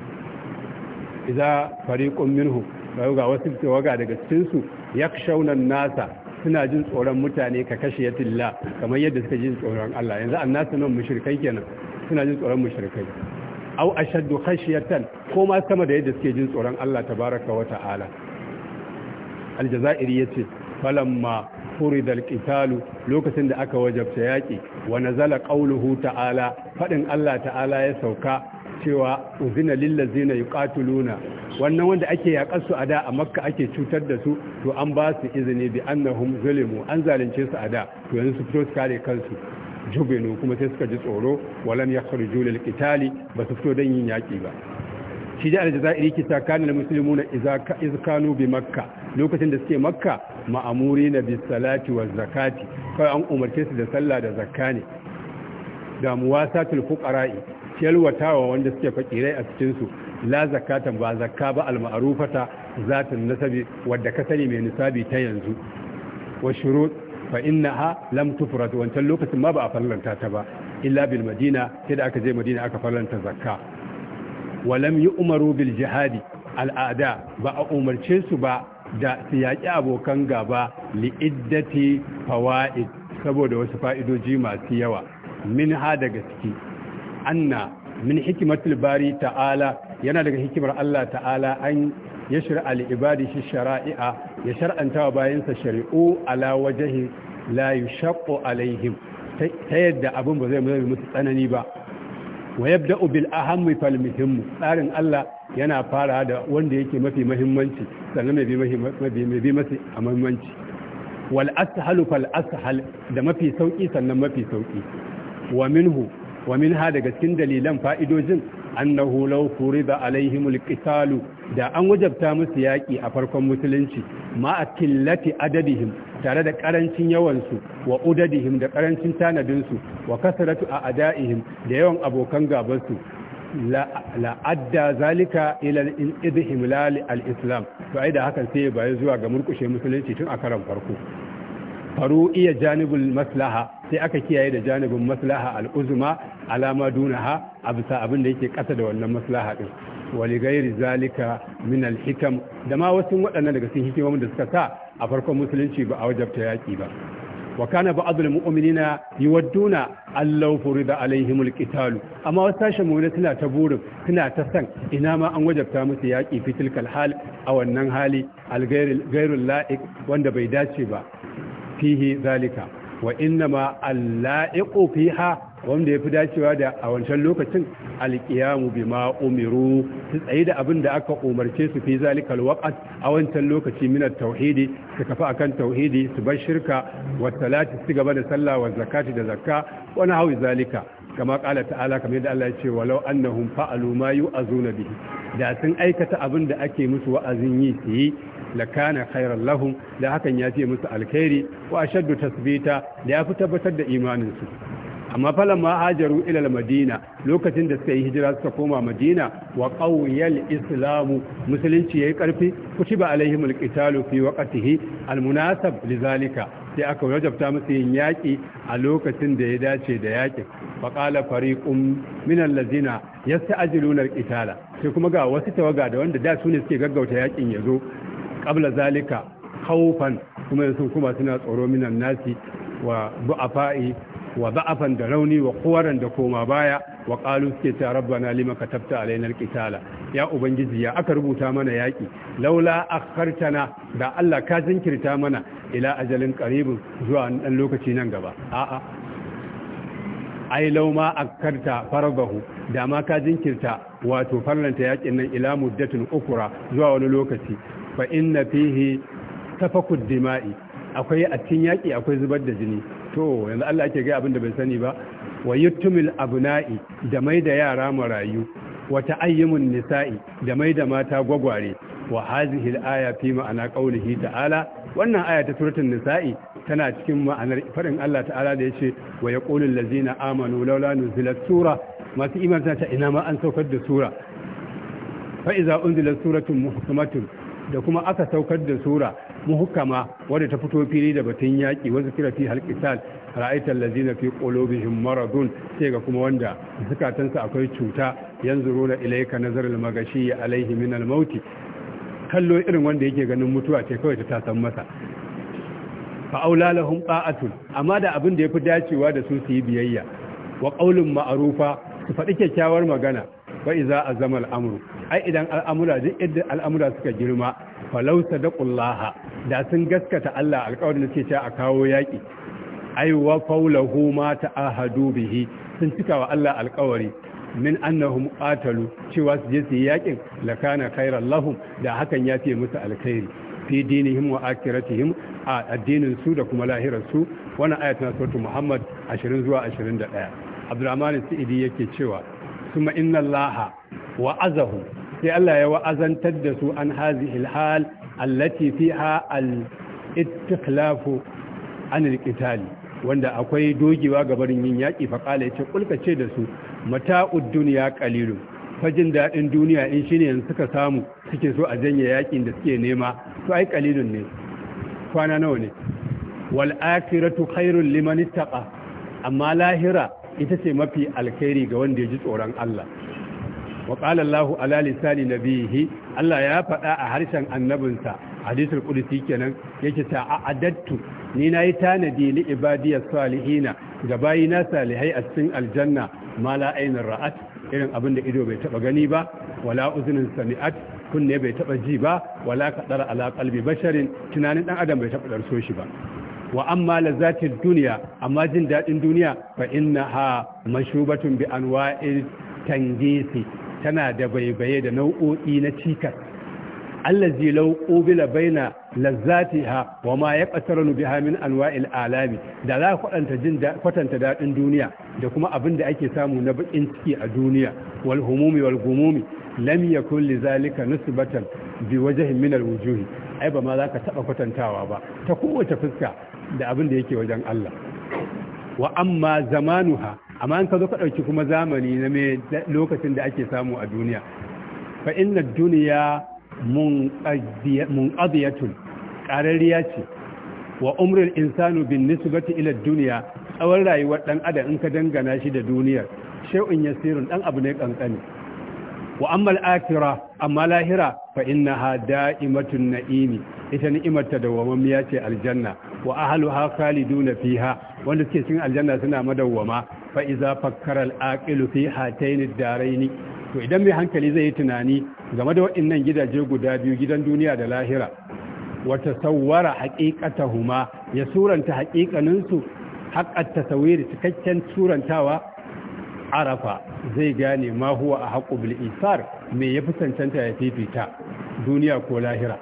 idza fariqu minhum ga wasu waga daga cikin su yakhshawna an-nasa suna jin tsoron mutane ka kashe yatilla kamar yadda suka jin tsoron Allah yanzu annasu nan mushrikai kenan suna jin tsoron mushrikai au ashaddu khashyatan ko ma sama da yadda suke jin tsoron Allah tabaraka wa ta'ala aljazairi yace falamma furidal qitalu lokacin da aka wajabta yaki wa nazala qawluhu ta'ala fadin Allah ta'ala ya sauka cewa uzina ladzina yuqatiluna wannan wanda ake yakar su ada a makka ake cutar da su to an ba su izini bi annahum zulimu an zalunce su ada to yanzu su fito su kare kansu jubinu kuma sai suka ji tsoro walam yakhruju lil qitali ba su fito dan yin yaki ba shi da aljazairi kisa kana muslimuna idza iz kanu bi makka lokacin da suke makka ma'amuri na bis salati waz zakati kai an umarce su da sallah da zakka ne da muwasatul fuqara'i yalwatawa wanda suke fakirai a cikin su la zakatan ba zakka ba al ma'rufata zatun nasabi wadda ka sani mai nisabi ta yanzu wa shurut fa innaha lam tufrat wancan lokacin ma ba a fallanta ta ba illa bil madina sai da aka je madina aka fallanta zakka wa lam yu'maru bil jihadi al'ada ba a umarce su ba da su yaƙi abokan gaba li'iddati fawaid saboda wasu fa'idoji masu yawa min ha daga ciki anna min hikimatul bari ta'ala yana daga hikimar Allah ta'ala an ya shir'a li'ibadi shi shara'i'a ya shar'anta bayansa shari'u ala wajahi la yushaqqu alaihim ta yadda abin ba zai musu tsanani ba wa yabda'u bil ahammi fal muhim tsarin Allah yana fara da wanda yake mafi muhimmanci sannan mai bi mafi a muhimmanci wal ashalu fal ashal da mafi sauƙi sannan mafi sauƙi. wa minhu wa minha daga cikin dalilan fa'idojin annahu law furida alaihimul qitalu da an wajabta musu yaƙi a farkon musulunci ma a killati adadihim tare da ƙarancin yawansu wa udadihim da ƙarancin tanadinsu wa kasaratu a ada'ihim da yawan abokan gabansu la'adda zalika ila idhim lali al-islam to ai da hakan sai bayan zuwa ga murkushe musulunci tun a karan farko faru iya janibul maslaha sai aka kiyaye da janibin maslaha al-uzma alama dunaha a bisa abin da yake kasa da wannan maslaha ɗin. wali gairi zalika min alhikam da ma wasu waɗannan daga cikin hikimomin da suka sa a farkon musulunci ba a wajabta yaƙi ba wa kana ba'dul mu'minina yuwadduna allahu furida alaihimul qitalu amma wasu sashen mu'mina suna ta burin suna ta san ina ma an wajabta musu yaƙi fitilkan hal a wannan hali algairul la'iq wanda bai dace ba fihi zalika wa innama al-la'iqu fiha wanda ya fi dacewa da a wancan lokacin alƙiyamu bi ma umiru su tsaye da abin da aka umarce su fi zalikal waqt a wancan lokaci min tauhidi su kafa akan tauhidi su bar shirka wa salati su gaba da sallah wa zakati da zakka wani nahwi zalika kama qala ta'ala kamar yadda Allah ya ce walau annahum fa'alu ma yu'azuna bihi da sun aikata abin da ake musu wa'azin yi su yi lakana khairan lahum da hakan ya ce musu alkhairi wa ashaddu tasbita da ya fi tabbatar da imanin su amma falon hajaru ila madina lokacin da suka yi hijira suka koma madina wa qawiyal islamu musulunci yayi karfi ba alaihimul qitalu fi waqtihi almunasab lizalika sai aka wajabta musu yin yaƙi a lokacin da ya dace da yaƙin faƙala fariƙun minan lazina ya sa'ajilunar ƙitala sai kuma ga wasu tawaga da wanda da su ne suke gaggauta yaƙin ya zo ƙabla zalika haufan kuma sun kuma suna tsoro minan nasi wa bu'afa'i wa za'afan da rauni wa kuwaran da koma baya wa kalu suke ta rabbana lima ka tafta alainar kitala ya ubangiji ya aka rubuta mana yaƙi laula akhartana da Allah ka jinkirta mana ila ajalin qaribin zuwa dan lokaci nan gaba a'a ai lauma ma karta farabahu da ma ka jinkirta wato farlanta yaƙin nan ila muddatin ukura zuwa wani lokaci fa inna fihi tafakud dima'i akwai a cikin yaƙi akwai zubar da jini to yanzu Allah ake gaya abin da bai sani ba wa yuttumil abna'i da mai da yara marayu wa ta'ayyumun nisa'i da mai da mata gwagware wa hazihi al-aya fi ma'ana qawlihi ta'ala wannan aya ta suratul nisa'i tana cikin ma'anar farin Allah ta'ala da yace wa yaqulu allazina amanu laula nuzilat sura masu imanta ina ma an saukar da sura fa iza unzilat suratun muhkamatun da kuma aka saukar da sura muhukama wadda ta fito fili da batun yaƙi wasu kira fi halƙisal ra'aitar lazina fi qulubihim maradun sai ga kuma wanda zukatansa akwai cuta yanzu, rona ilaika, nazarar magashi alaihi min almauti. kallo irin wanda yake ganin mutuwa ce kawai ta tasan masa fa aula lahum qa'atun amma da abin da ya fi dacewa da su su yi biyayya wa qaulun ma'rufa su faɗi kyakkyawar magana fa iza zama al'amuru. ai idan al'amura duk idan al'amura suka girma da ƙullaha, da sun gaskata Allah alƙawarin da ke ce a kawo yaki ai wa faulahu ma ta'ahadu bihi sun cika wa Allah alƙawari min annahum qatalu cewa su je su yi yakin lakana khairan lahum da hakan ya fi musu alkhairi fi dinihim wa akiratihim a addinin su da kuma lahirar su wannan na suratul muhammad 20 zuwa 21 abdurrahman sa'idi yake cewa kuma inna wa wa'azahu sai Allah ya wa'azantar da su an hazi ilhal allati fiha al-ittiklafu an al-qitali wanda akwai dogewa ga barin yin yaki fa kala yace kulkace da su mata'ud dunya qalilun fajin dadin duniya in shine yanzu suka samu suke so a janye yakin da suke nema to ai qalilun ne kwana nawa ne wal akhiratu khairul liman ittaqa amma lahira ita ce mafi alkhairi ga wanda ya ji tsoron Allah wa qala Allahu ala lisani nabihi Allah ya faɗa a harshen annabinsa hadisul qudsi kenan yake ta adattu, ni nayi tanadi li ibadiyas salihina ga bayina salihai a cikin aljanna Mala la ra'at irin abin da ido bai taba gani ba wala uzunin sami'at kunne bai taba ji ba wala kadara ala qalbi basharin tunanin ɗan adam bai taba darso shi ba wa amma lazatid duniya amma jin daɗin duniya fa innaha mashrubatun bi anwa'il tangisi tana da baibaye da nau'o'i na cikas allazi law qubila baina lazatiha wa ma yaqtaru biha min anwa'il alami da za kwatanta jin kwatanta daɗin duniya da kuma abin da ake samu na bakin ciki a duniya wal humumi wal gumumi lam yakul li zalika nusbatan bi wajhin min al wujuhi ai ba ma za ka taɓa kwatantawa ba ta kowace fuska da abin da yake wajen Allah wa amma zamanuha amma an ka zo ka ɗauki kuma zamani na mai lokacin da ake samu a duniya fa inna duniya munqadiyatun qarariya ce wa umrul insanu bin nisbati ila duniya tsawon rayuwar dan adam in ka dangana shi da duniyar shay'un yasirun dan abu ne kankani wa akira amma lahira fa innaha da'imatun na'imi ita ni'imar ta dawwamammiya ce aljanna wa ahluha khaliduna fiha wanda suke cikin aljanna suna madawwama fa iza fakkara al-aqilu fi hataini daraini to idan mai hankali zai yi tunani game da waɗannan gidaje guda biyu gidan duniya da lahira wata haƙiƙata haƙiƙatahuma ya suranta haƙiƙaninsu haƙƙat tasawiri cikakken surantawa arafa zai gane ma huwa a haƙo bil'isar me ya fi cancanta ya fifita duniya ko lahira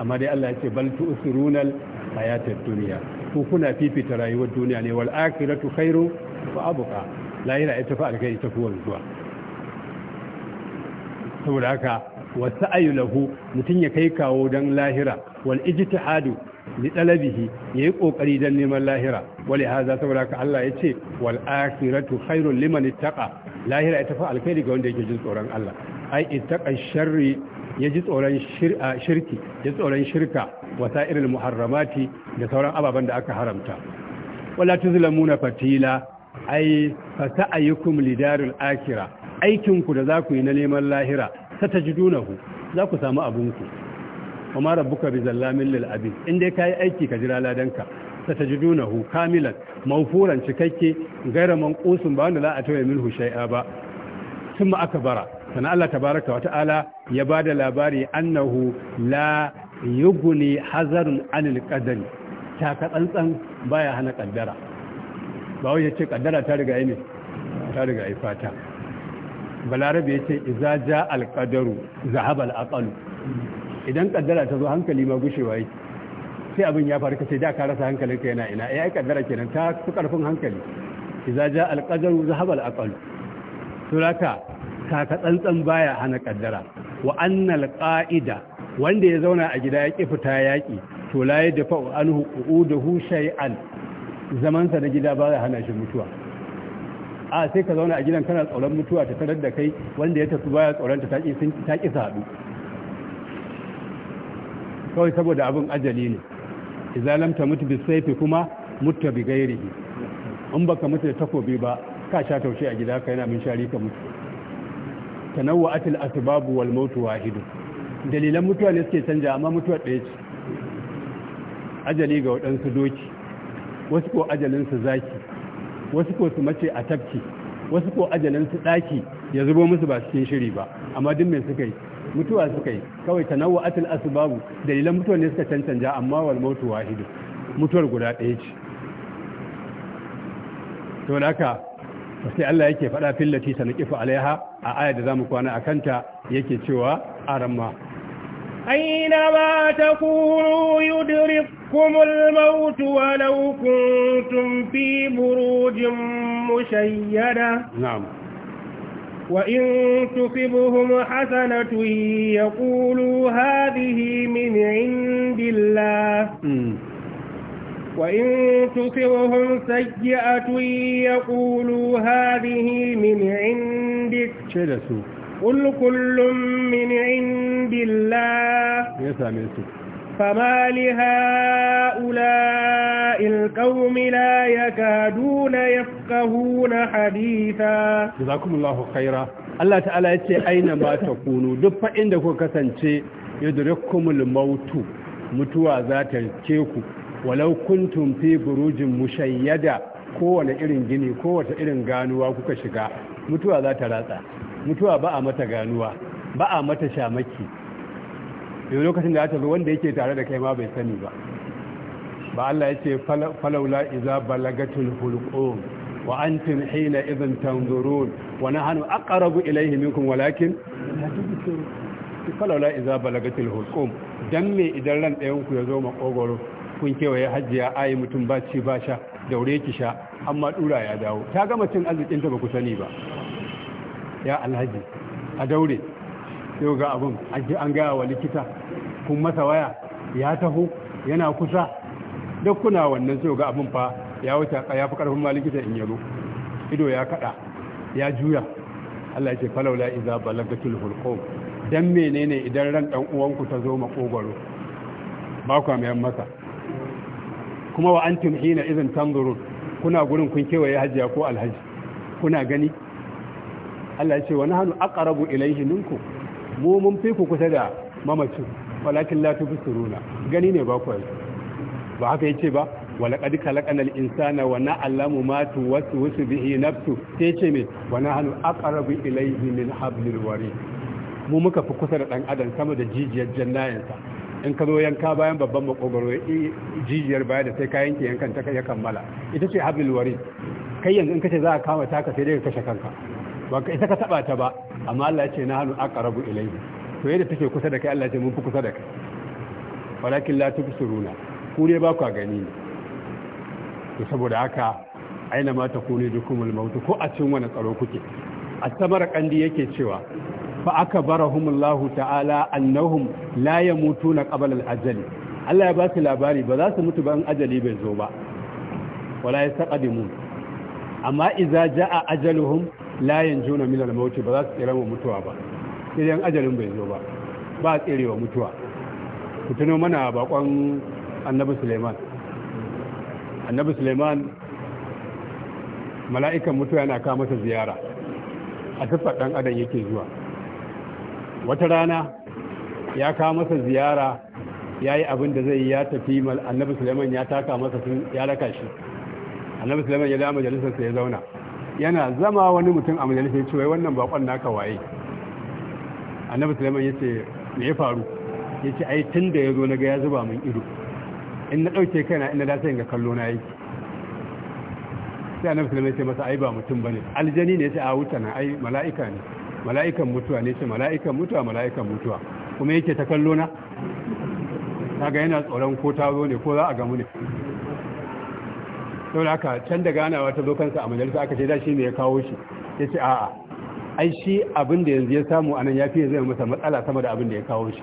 amma dai Allah ya ce bal tu'sirunal hayatad duniya. ko kuna fifita rayuwar duniya ne wal akhiratu khairu wa abuka lahira ita fa alkai ita kuwa zuwa saboda haka wa sa'ayu lahu mutum ya kai kawo dan lahira wal ijtihadu li talabihi yayi kokari dan neman lahira wali haza saboda ka Allah yace wal akhiratu khairul liman ittaqa lahira ita fa alkhairi ga wanda yake jin tsoron Allah ai ittaqa sharri ya ji tsoron shirki ya tsoron shirka wata irin muharramati da sauran ababen da aka haramta wala tuzlamuna fatila ai fasa'ayukum lidarul akhirah aikin ku da ku yi na neman lahira satajidunahu za ku samu abunku wa ma rabbuka bi zallamin lil abid in dai kai aiki ka jira ladanka satajidunahu kamilan mawfuran cikakke gaira manqusun ba wanda za a tawaye minhu shay'a ba thumma akbara sana Allah tabaaraka wa ta'ala ya bada labari annahu la yughni hazarun anil qadari ta ka tsantsan baya hana kaddara ba wai yace kaddara ta riga ne ta riga fata balarabe yace iza ja al qadaru zahaba al aqalu idan kaddara ta zo hankali ma gushewa yake sai abin ya faru kace da ka rasa hankalinka yana ina eh, ai kaddara kenan ta fi karfin hankali idza ja alqadaru zahaba alaqal suraka ka ka tsantsan baya hana kaddara wa annal qa'ida wanda ya zauna a gida ya ki fita yaki to la ya dafa anhu qu'uduhu shay'an zaman sa da gida ba ya hana shi mutuwa a sai ka zauna a gidan kana tsoron mutuwa ta tarar da kai wanda ya tafi baya tsoron ta taki ta kawai saboda abin ajali ne idza lam tamut bi sayfi kuma mutta bi ghairihi in baka mutu da takobi ba ka sha taushe a gida ka yana min shari ka mutu tanawwa'atil asbab wal maut wahid dalilan mutuwa ne suke canja amma mutuwa ɗaya ce ajali ga waɗansu doki wasu ko su zaki wasu ko su mace a tafki wasu ko su ɗaki ya zubo musu ba cikin shiri ba amma duk mai suka yi mutuwa suka yi kawai ta tanawwa'atul asbabu dalilan mutuwa ne suka cancanta amma wal mautu wahidu mutuwar guda ɗaya ce to haka sai Allah yake faɗa fillati sanqifu alaiha a aya da zamu kwana a kanta yake cewa aramma yudrikum al maut wa law kuntum fi burujin mushayyada na'am وإن تصبهم حسنة يقولوا هذه من عند الله وإن تصبهم سيئة يقولوا هذه من عندك قل كل من عند الله فما لهؤلاء ya لا يكادون يفقهون حديثا جزاكم الله خيرا الله تعالى يتي أينما تكونوا دفع عندك كسنتي يدرككم الموت mutuwa za ta ke ku walau kuntum fi burujin mushayyada kowane irin gini kowace irin ganuwa kuka shiga mutuwa za ta ratsa mutuwa ba a mata ganuwa ba a mata shamaki yau lokacin da ya tafi wanda yake tare da kai ma bai sani ba ba Allah ya ce falaula iza balagatul hulqum wa antum hina idhan tanzurun wa nahnu aqrabu ilayhi minkum walakin falawla iza balagatul hulqum dan me idan ran ɗayanku ku ya zo makogoro kun kewaye hajjiya ayi mutum ba ci ba sha daure ki sha amma dura ya dawo ta gama cin arzikin ta ba ku sani ba ya alhaji a daure sai ga abin an gaya wa likita kun masa waya ya taho yana kusa duk kuna wannan sai ga abin fa ya wuce ya fi karfin ma likita in yaro ido ya kada ya juya Allah ya ce falawla iza balagatul hulqum dan menene idan ran dan uwanku ta zo makogaro ba ku mai masa kuma wa antum hina idan tanzurun kuna gurin kun kewaye hajiya ko alhaji kuna gani Allah ya ce wa nahnu aqrabu ilayhi minkum mu mun fi ku kusa da mamaci walakin la tubsiruna gani ne ba ku ba haka yace ba walaqad al insana wa na'lamu ma tuwaswisu bihi nafsu sai yace me wa nahnu aqrabu ilayhi min hablil warid mu muka fi kusa da dan adam sama da jijiyar jannayansa in ka zo yanka bayan babban makogaro jijiyar baya da sai ka yanke yankan ta ya kammala ita ce hablil warid kai yanzu in kace za ka kama taka sai dai ka kashe kanka ba ka ita ka taba ta ba amma Allah ya ce na hannu aka rabu ilaihi. to yadda take kusa da kai Allah ya ce mun fi kusa da kai walakin la tubsiruna ku ne ba ku gani ne to saboda haka aina ma takunu dukumul maut ko a cikin wani tsaro kuke at kandi yake cewa fa aka barahumullahu ta'ala annahum la yamutuna qabla al-ajali Allah ya ba su labari ba za su mutu ba in ajali bai zo ba wala yastaqdimun amma idza jaa ajaluhum layin juna min al ba za su tsira wa mutuwa ba idan ajalin bai zo ba ba a wa mutuwa ku tuno mana bakon annabi Suleiman annabi Suleiman mala'ikan mutuwa yana kawo masa ziyara a tafar dan adam yake zuwa wata rana ya kawo masa ziyara ya yi abin da zai ya tafi annabi Suleiman ya taka masa sun ya raka shi annabi Suleiman ya dama jalisarsa ya zauna yana zama wani mutum a majalisar cewa wannan bakon naka waye annabi sulaiman ya ce me ya faru ya ce ai tun da ya zo na ga ya zuba min ido in na ɗauke kaina ina da sai ga kallo na yi sai annabi sulaiman ya ce masa ai ba mutum bane aljani ne ya ce a wuta na ai mala'ika ne mala'ikan mutuwa ne ce mala'ikan mutuwa mala'ikan mutuwa kuma yake ta kallo na kaga yana tsoron ko ta zo ne ko za a gamu ne saboda haka can da ganawa ta zo kansa a majalisa aka ce da shi ne ya kawo shi ya ce a'a ai shi abin da yanzu ya samu anan ya fiye zai masa matsala sama da abin da ya kawo shi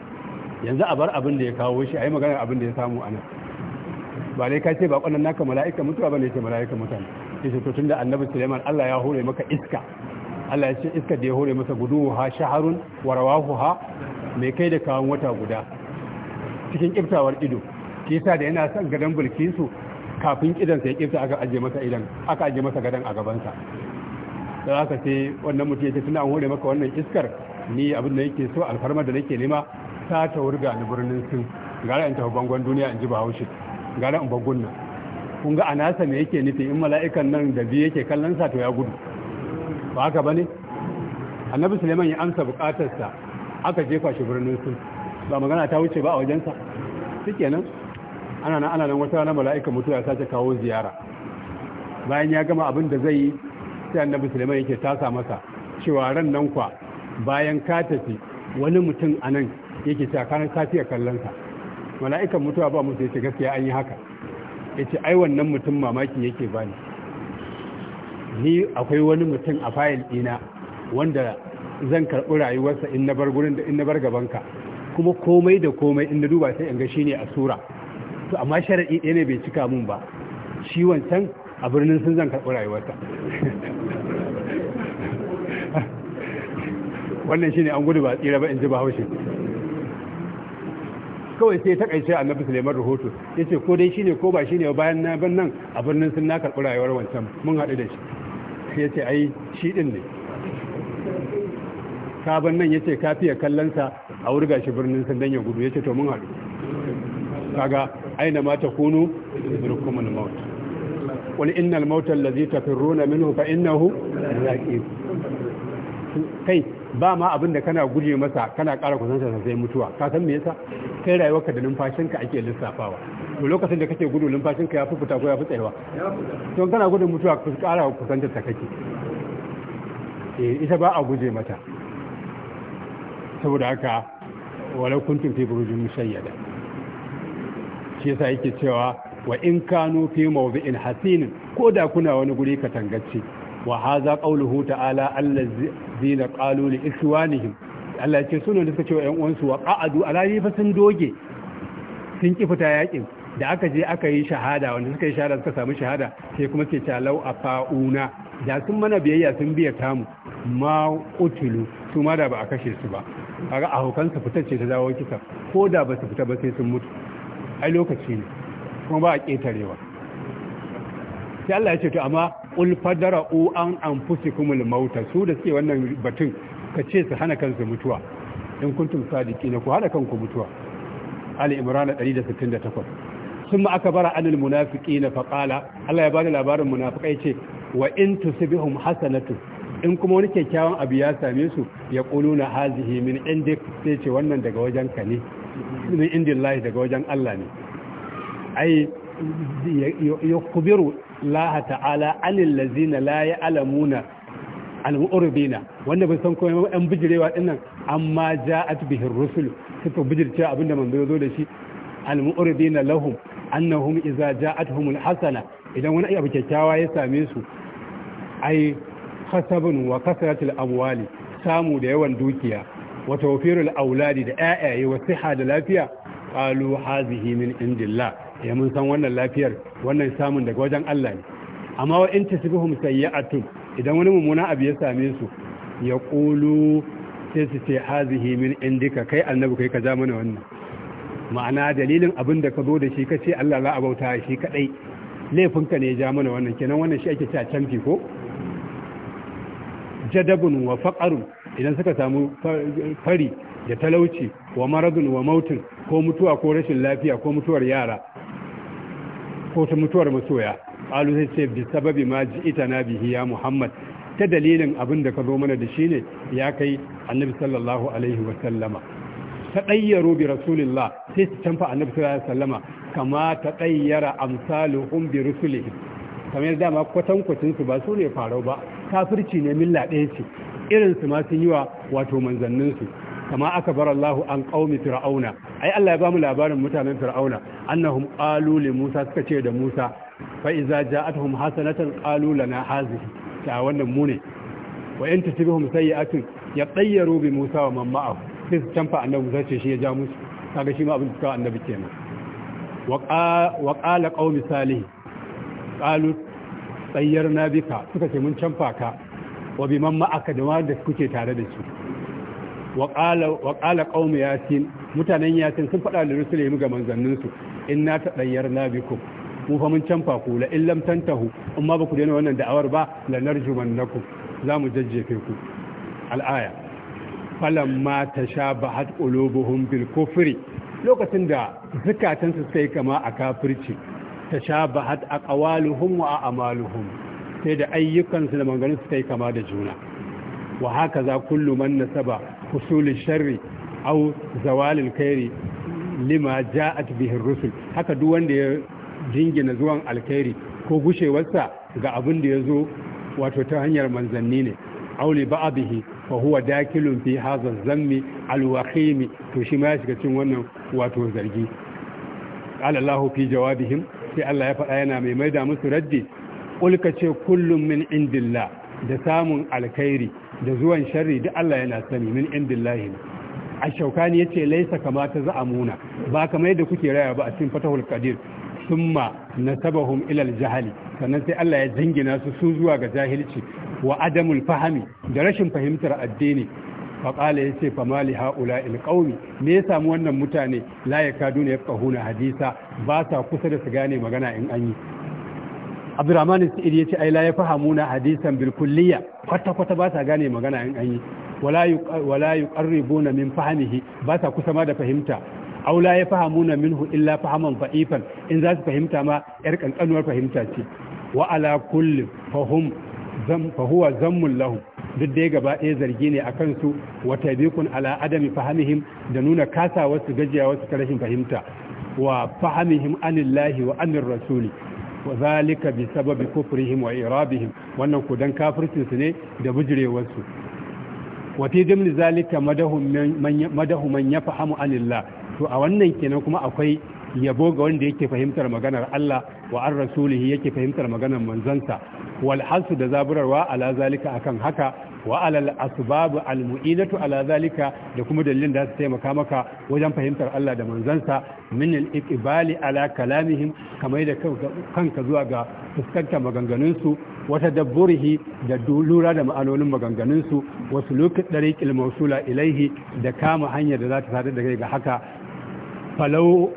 yanzu a bar abin da ya kawo shi a yi maganar abin da ya samu anan ba dai ka ce ba kwanan naka mala'ika mutuwa ba ne ce mala'ika mutane ya ce tun da annabi suleiman allah ya hore maka iska allah ya ce iska da ya hore masa gudu ha shaharun warawahu ha mai kai da kawon wata guda cikin kiftawar ido kisa da yana son gadon bulkinsu kafin idan sai kirta aka aje masa idan aka aje masa gadan a gabansa Sai aka ce wannan mutum yake tana an hore maka wannan iskar ni abin da yake so alfarma da nake nema ta ta wurga ni birnin sun gara in tafi bangon duniya in ji bahaushe gara in bangon nan kun ga anasa me yake nufi in mala'ikan nan da biye yake kallon sa to ya gudu ba haka bane annabi suleiman ya amsa bukatarsa aka jefa shi birnin sun ba magana ta wuce ba a wajensa shikenan ana nan ana nan wata na mala'ika mutuwa ya sace kawo ziyara bayan ya gama abin da zai yi sai annabi sulaiman yake tasa masa cewa ran nan kwa bayan ka tafi wani mutum a nan yake cewa kanan safiya kallon sa mala'ikan mutuwa ba musu yace gaskiya an yi haka yace ai wannan mutum mamaki yake bani ni akwai wani mutum a fayil dina wanda zan karɓi rayuwarsa in na bar gurin da in na bar gabanka kuma komai da komai in na duba sai in ga shine a sura to amma sharaɗi ɗaya ne bai cika mun ba shi wancan a birnin sun zan karɓi rayuwarta wannan shine an gudu ba tsira ba in ji bahaushe kawai sai ta kaice annabi suleiman rahoto ya ce ko dai shine ko ba shine bayan na ban nan a birnin sun na karɓi rayuwar wancan mun haɗu da shi ya ce ai shi ɗin ne sabon nan ya ce ka fiye kallonsa a wurga shi birnin sun don ya gudu ya ce to mun haɗu kaga aina ma kunu yudrikumul maut wal innal mauta allazi tafiruna minhu fa innahu laqib kai ba ma abin da kana guje masa kana ƙara kusan sa sai mutuwa ka san me yasa kai rayuwarka da numfashinka ake lissafawa to lokacin da kake gudu numfashinka ya fi fita ko ya fi tsayawa Don kana gudun mutuwa ka ƙara kusan ta kake eh ita ba a guje mata saboda haka walau kuntum fi burujin musayyada shi yasa yake cewa wa in kanu fi mawdi'in hasinin ko da kuna wani guri katangacce wa haza qawluhu ta'ala allazina qalu li ikhwanihim Allah ya ce suna da suka ce wa ƴan uwansu wa qa'adu ala fa doge sun ki fita yakin da aka je aka yi shahada wanda suka yi shahada suka samu shahada sai kuma ce ta lau afa'una da sun mana biyayya sun biya tamu ma utulu su ma da ba a kashe su ba kaga a su fita ce ta dawo kisa ko da ba su fita ba sai sun mutu ai lokaci ne kuma ba a ƙetarewa sai Allah ya ce to amma ul u an anfusikumul mauta su da suke wannan batun ka ce su hana kansu mutuwa in kuntum ne ku hana kanku mutuwa ali imran 168 munafiki أكبر fa Allah ya ya bada labarin المنافقين ce wa in tusibhum hasanatu in kuma wani kyakkyawan abu ya same su ya kuluna hazihi min indik sai ce wannan daga wajenka ne min lahi daga wajen Allah ne ai kubiru laha ta'ala anil lazina la ya'lamuna al wanda bai san komai yan bijirewa dinnan amma ja'at bihi ar-rusul suka bijirce abinda man zo da shi al lahum annahum idza ja'atuhum al-hasana idan wani abu kyakkyawa ya same su ai hasabun wa kasratil amwali samu da yawan dukiya Wata tawfirul auladi da ayaye wa siha da lafiya qalu hazihi min indillah ya eh, mun san wannan lafiyar wannan samun daga wajen Allah ne amma wa in tasbihum sayyi'atun idan wani mumuna abu ya same su ya qulu sai su ce hazihi min indika kai annabi kai ka ja mana wannan ma'ana dalilin abin da ka zo da shi ka ce Allah za a bauta shi kadai ka ne ya ja mana wannan kenan wannan shi ake cewa canfi ko jadabun wa faqarun idan suka samu fari da talauci wa maradun wa mautin ko mutuwa ko rashin lafiya ko mutuwar yara ko ta mutuwar masoya alu sai ce bi sababi ma ji ita na bihi ya muhammad ta dalilin abin da ka zo mana da shi ne ya kai annabi sallallahu alaihi wa sallama ta ɗayyaro bi rasulillah sai su canfa annabi sallallahu alaihi wa sallama kama ta ɗayyara amsaluhum bi rusulihim kamar dama kwatankwacin su ba su ne farau ba kafirci ne milla ɗaya ce irinsu ma sun yi wa wato manzanninsu kama aka bar Allah an kaumi fir'auna ai Allah ya ba mu labarin mutanen fir'auna annahum qalu li Musa suka ce da Musa fa iza ja'atuhum hasanatan qalu lana hazihi ta wannan mu ne wa in tusibhum sayi'atun yatayyaru bi Musa wa man ma'ahu sai su canfa annabi Musa ce shi ya ja musu kaga shi ma abin da annabi kenan wa qala qaumi salih qalu tayyarna bika suka ce mun canfa ka wa bi man ma'aka da ma kuke tare da shi wa qala qaum yasin mutanen yasin sun faɗa da rusul ga manzannin su inna bi ku mu fa mun canfa ku la illam tantahu amma ba ku daina wannan da'awar ba la ku za mu jajjefe ku al'aya falamma tashabahat qulubuhum bil kufri lokacin da zukatansu sai kama a kafirci tashabahat aqwaluhum wa a'maluhum sai da ayyukansu da maganganun suka yi kama da juna wa haka za kullu man nasaba husulul sharri aw zawalil khairi lima ja'at bihi rusul haka duk wanda ya jingina zuwan alkhairi ko gushewarsa ga abin da ya zo wato ta hanyar manzanni ne auli ba'abihi fa huwa dakilun fi hadha zammi al-waqim to shi ma ya shiga cikin wannan wato zargi qala Allahu fi jawabihim sai Allah ya faɗa yana mai maida musu raddi ulka ce kullum min indillah da samun alkhairi da zuwan sharri da Allah yana sani min indillahi a shaukani yace laisa kamata za Muna ba kamar yadda kuke raya ba a cikin fatahul qadir summa nasabahum ilal jahali sannan sai Allah ya jingina su su zuwa ga jahilci wa adamul fahami da rashin fahimtar addini qala yace ce famali ha'ula qaumi me ya samu wannan mutane la ya kadu ne hadisa ba sa kusa da su gane magana in an yi abdurrahman sa'id ce ai la na hadisan bil kulliyya kwata kwata ba sa gane magana an an yi wala wala min fahmihi ba sa kusa ma da fahimta aw la min hu illa fahman fa'ifan in za su fahimta ma yar kankanuwar fahimta ce wa ala kulli fahum zam fa huwa zammun lahu duk dai gaba ɗaya zargi ne a kansu wa tabikun ala adami fahimihim da nuna kasa wasu gajiya wasu ta fahimta wa fahimihim anillahi wa anir rasuli wa zalika bi sababi kufrihim wa irabihim wannan ku dan kafircin ne da bujirewar su wa fi dimni zalika madahu man yafhamu anillah to a wannan kenan kuma akwai yabo ga wanda yake fahimtar maganar Allah wa an rasulihi yake fahimtar maganar manzansa wal hasu da zaburarwa ala zalika akan haka wa alal asbab al mu'inatu ala zalika da kuma dalilin da su taimaka maka wajen fahimtar Allah da manzansa min al iqbali ala kalamihim kamar da kanka zuwa ga fuskantar maganganun su wa tadabburihi da lura da ma'anonin maganganun su wa suluki dariqil mawsula ilaihi da kama hanyar da za ta sadar da kai ga haka falau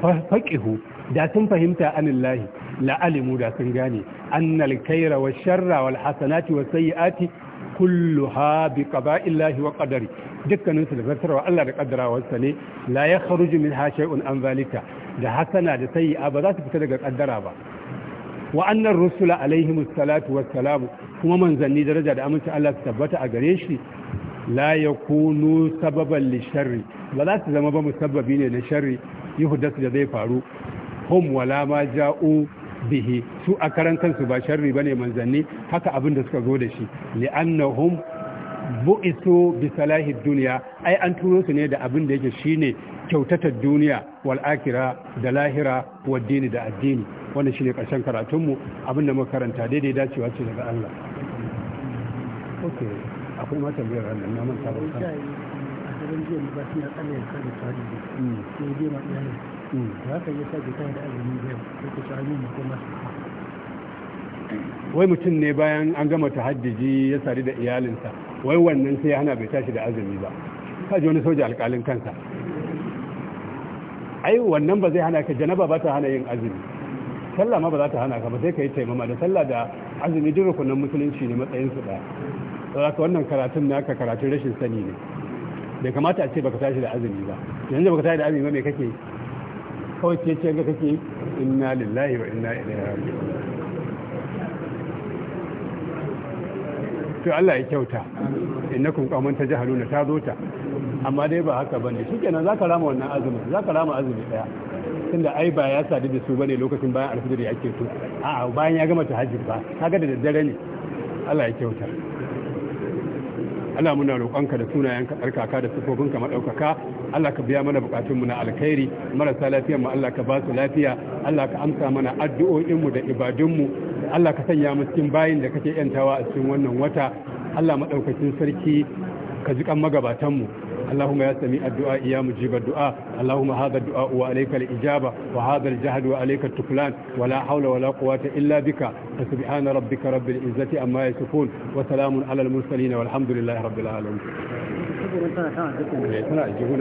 faqihu da sun fahimta anillahi la'alimu da sun gane annal kaira wa sharra wal hasanati was sayyiati ha bi illahi wa qadari dukkanin su da zartarwa Allah da kaddarawarsa ne la yakhruju min shay'un an zalika da hasana da a ba za su fita daga ƙaddara ba wa annar rusula alaihimus wa wassalamu kuma manzanni daraja da aminci Allah su tabbata a gare shi la yakunu sababan li sharri ba za su zama ba musabbabi ne na sharri yuhdasu da zai faru hum wala ma ja'u bihi su a karan kansu ba sharri bane manzanni haka abin da suka zo da shi li'annahum bu'isu bi salahi duniya ai an turo su ne da abin da yake shine kyautatar duniya wal akira da lahira wa dini da addini wannan shine karshen karatun mu abin da muka karanta daidai dacewa ce daga Allah okay akwai ma tambayar na manta ba sai ba shi ya dai ma haka mm. ya sa da azumi zai wai mutum ne bayan an gama ta tahajjiji ya sadu da iyalinsa wai wannan sai hana bai tashi da azumi ba ka ji wani soja alƙalin kansa ai wannan ba zai hana ka janaba ba ta hana yin azumi sallah ma ba za ta hana ka ba sai ka yi taimama da sallah da azumi duk rukunan musulunci ne matsayin su daya saboda wannan karatun naka karatun rashin sani ne bai kamata a ce baka tashi da azumi ba yanzu baka tashi da azumi ba me kake kawai ce ce ga kake inna lillahi wa inna ilaihi raji'un to Allah ya kyauta innakum qauman tajhaluna ta ta amma dai ba haka bane shikenan zaka rama wannan azumi zaka rama azumi daya tunda ai ba ya sadu da su bane lokacin bayan alfajiri ake to a'a bayan ya gama tahajjud ba kaga da daddare ne Allah ya kyauta Allah muna roƙonka da sunayen ka tsarkaka da ka maɗaukaka Allah ka biya mana buƙatunmu na alkhairi marasa lafiyar mu Allah ka ba su lafiya Allah ka amsa mana addu'o'inmu da ibadunmu Allah ka sanya mu cikin bayin da kake yantawa a cikin wannan wata Allah maɗaukacin sarki ka jikan magabatanmu اللهم يا سميع الدعاء يا مجيب الدعاء اللهم هذا الدعاء وعليك الإجابة وهذا الجهد وعليك التكلان ولا حول ولا قوة إلا بك فسبحان ربك رب العزة أما يسفون وسلام على المرسلين والحمد لله رب العالمين لا يجبون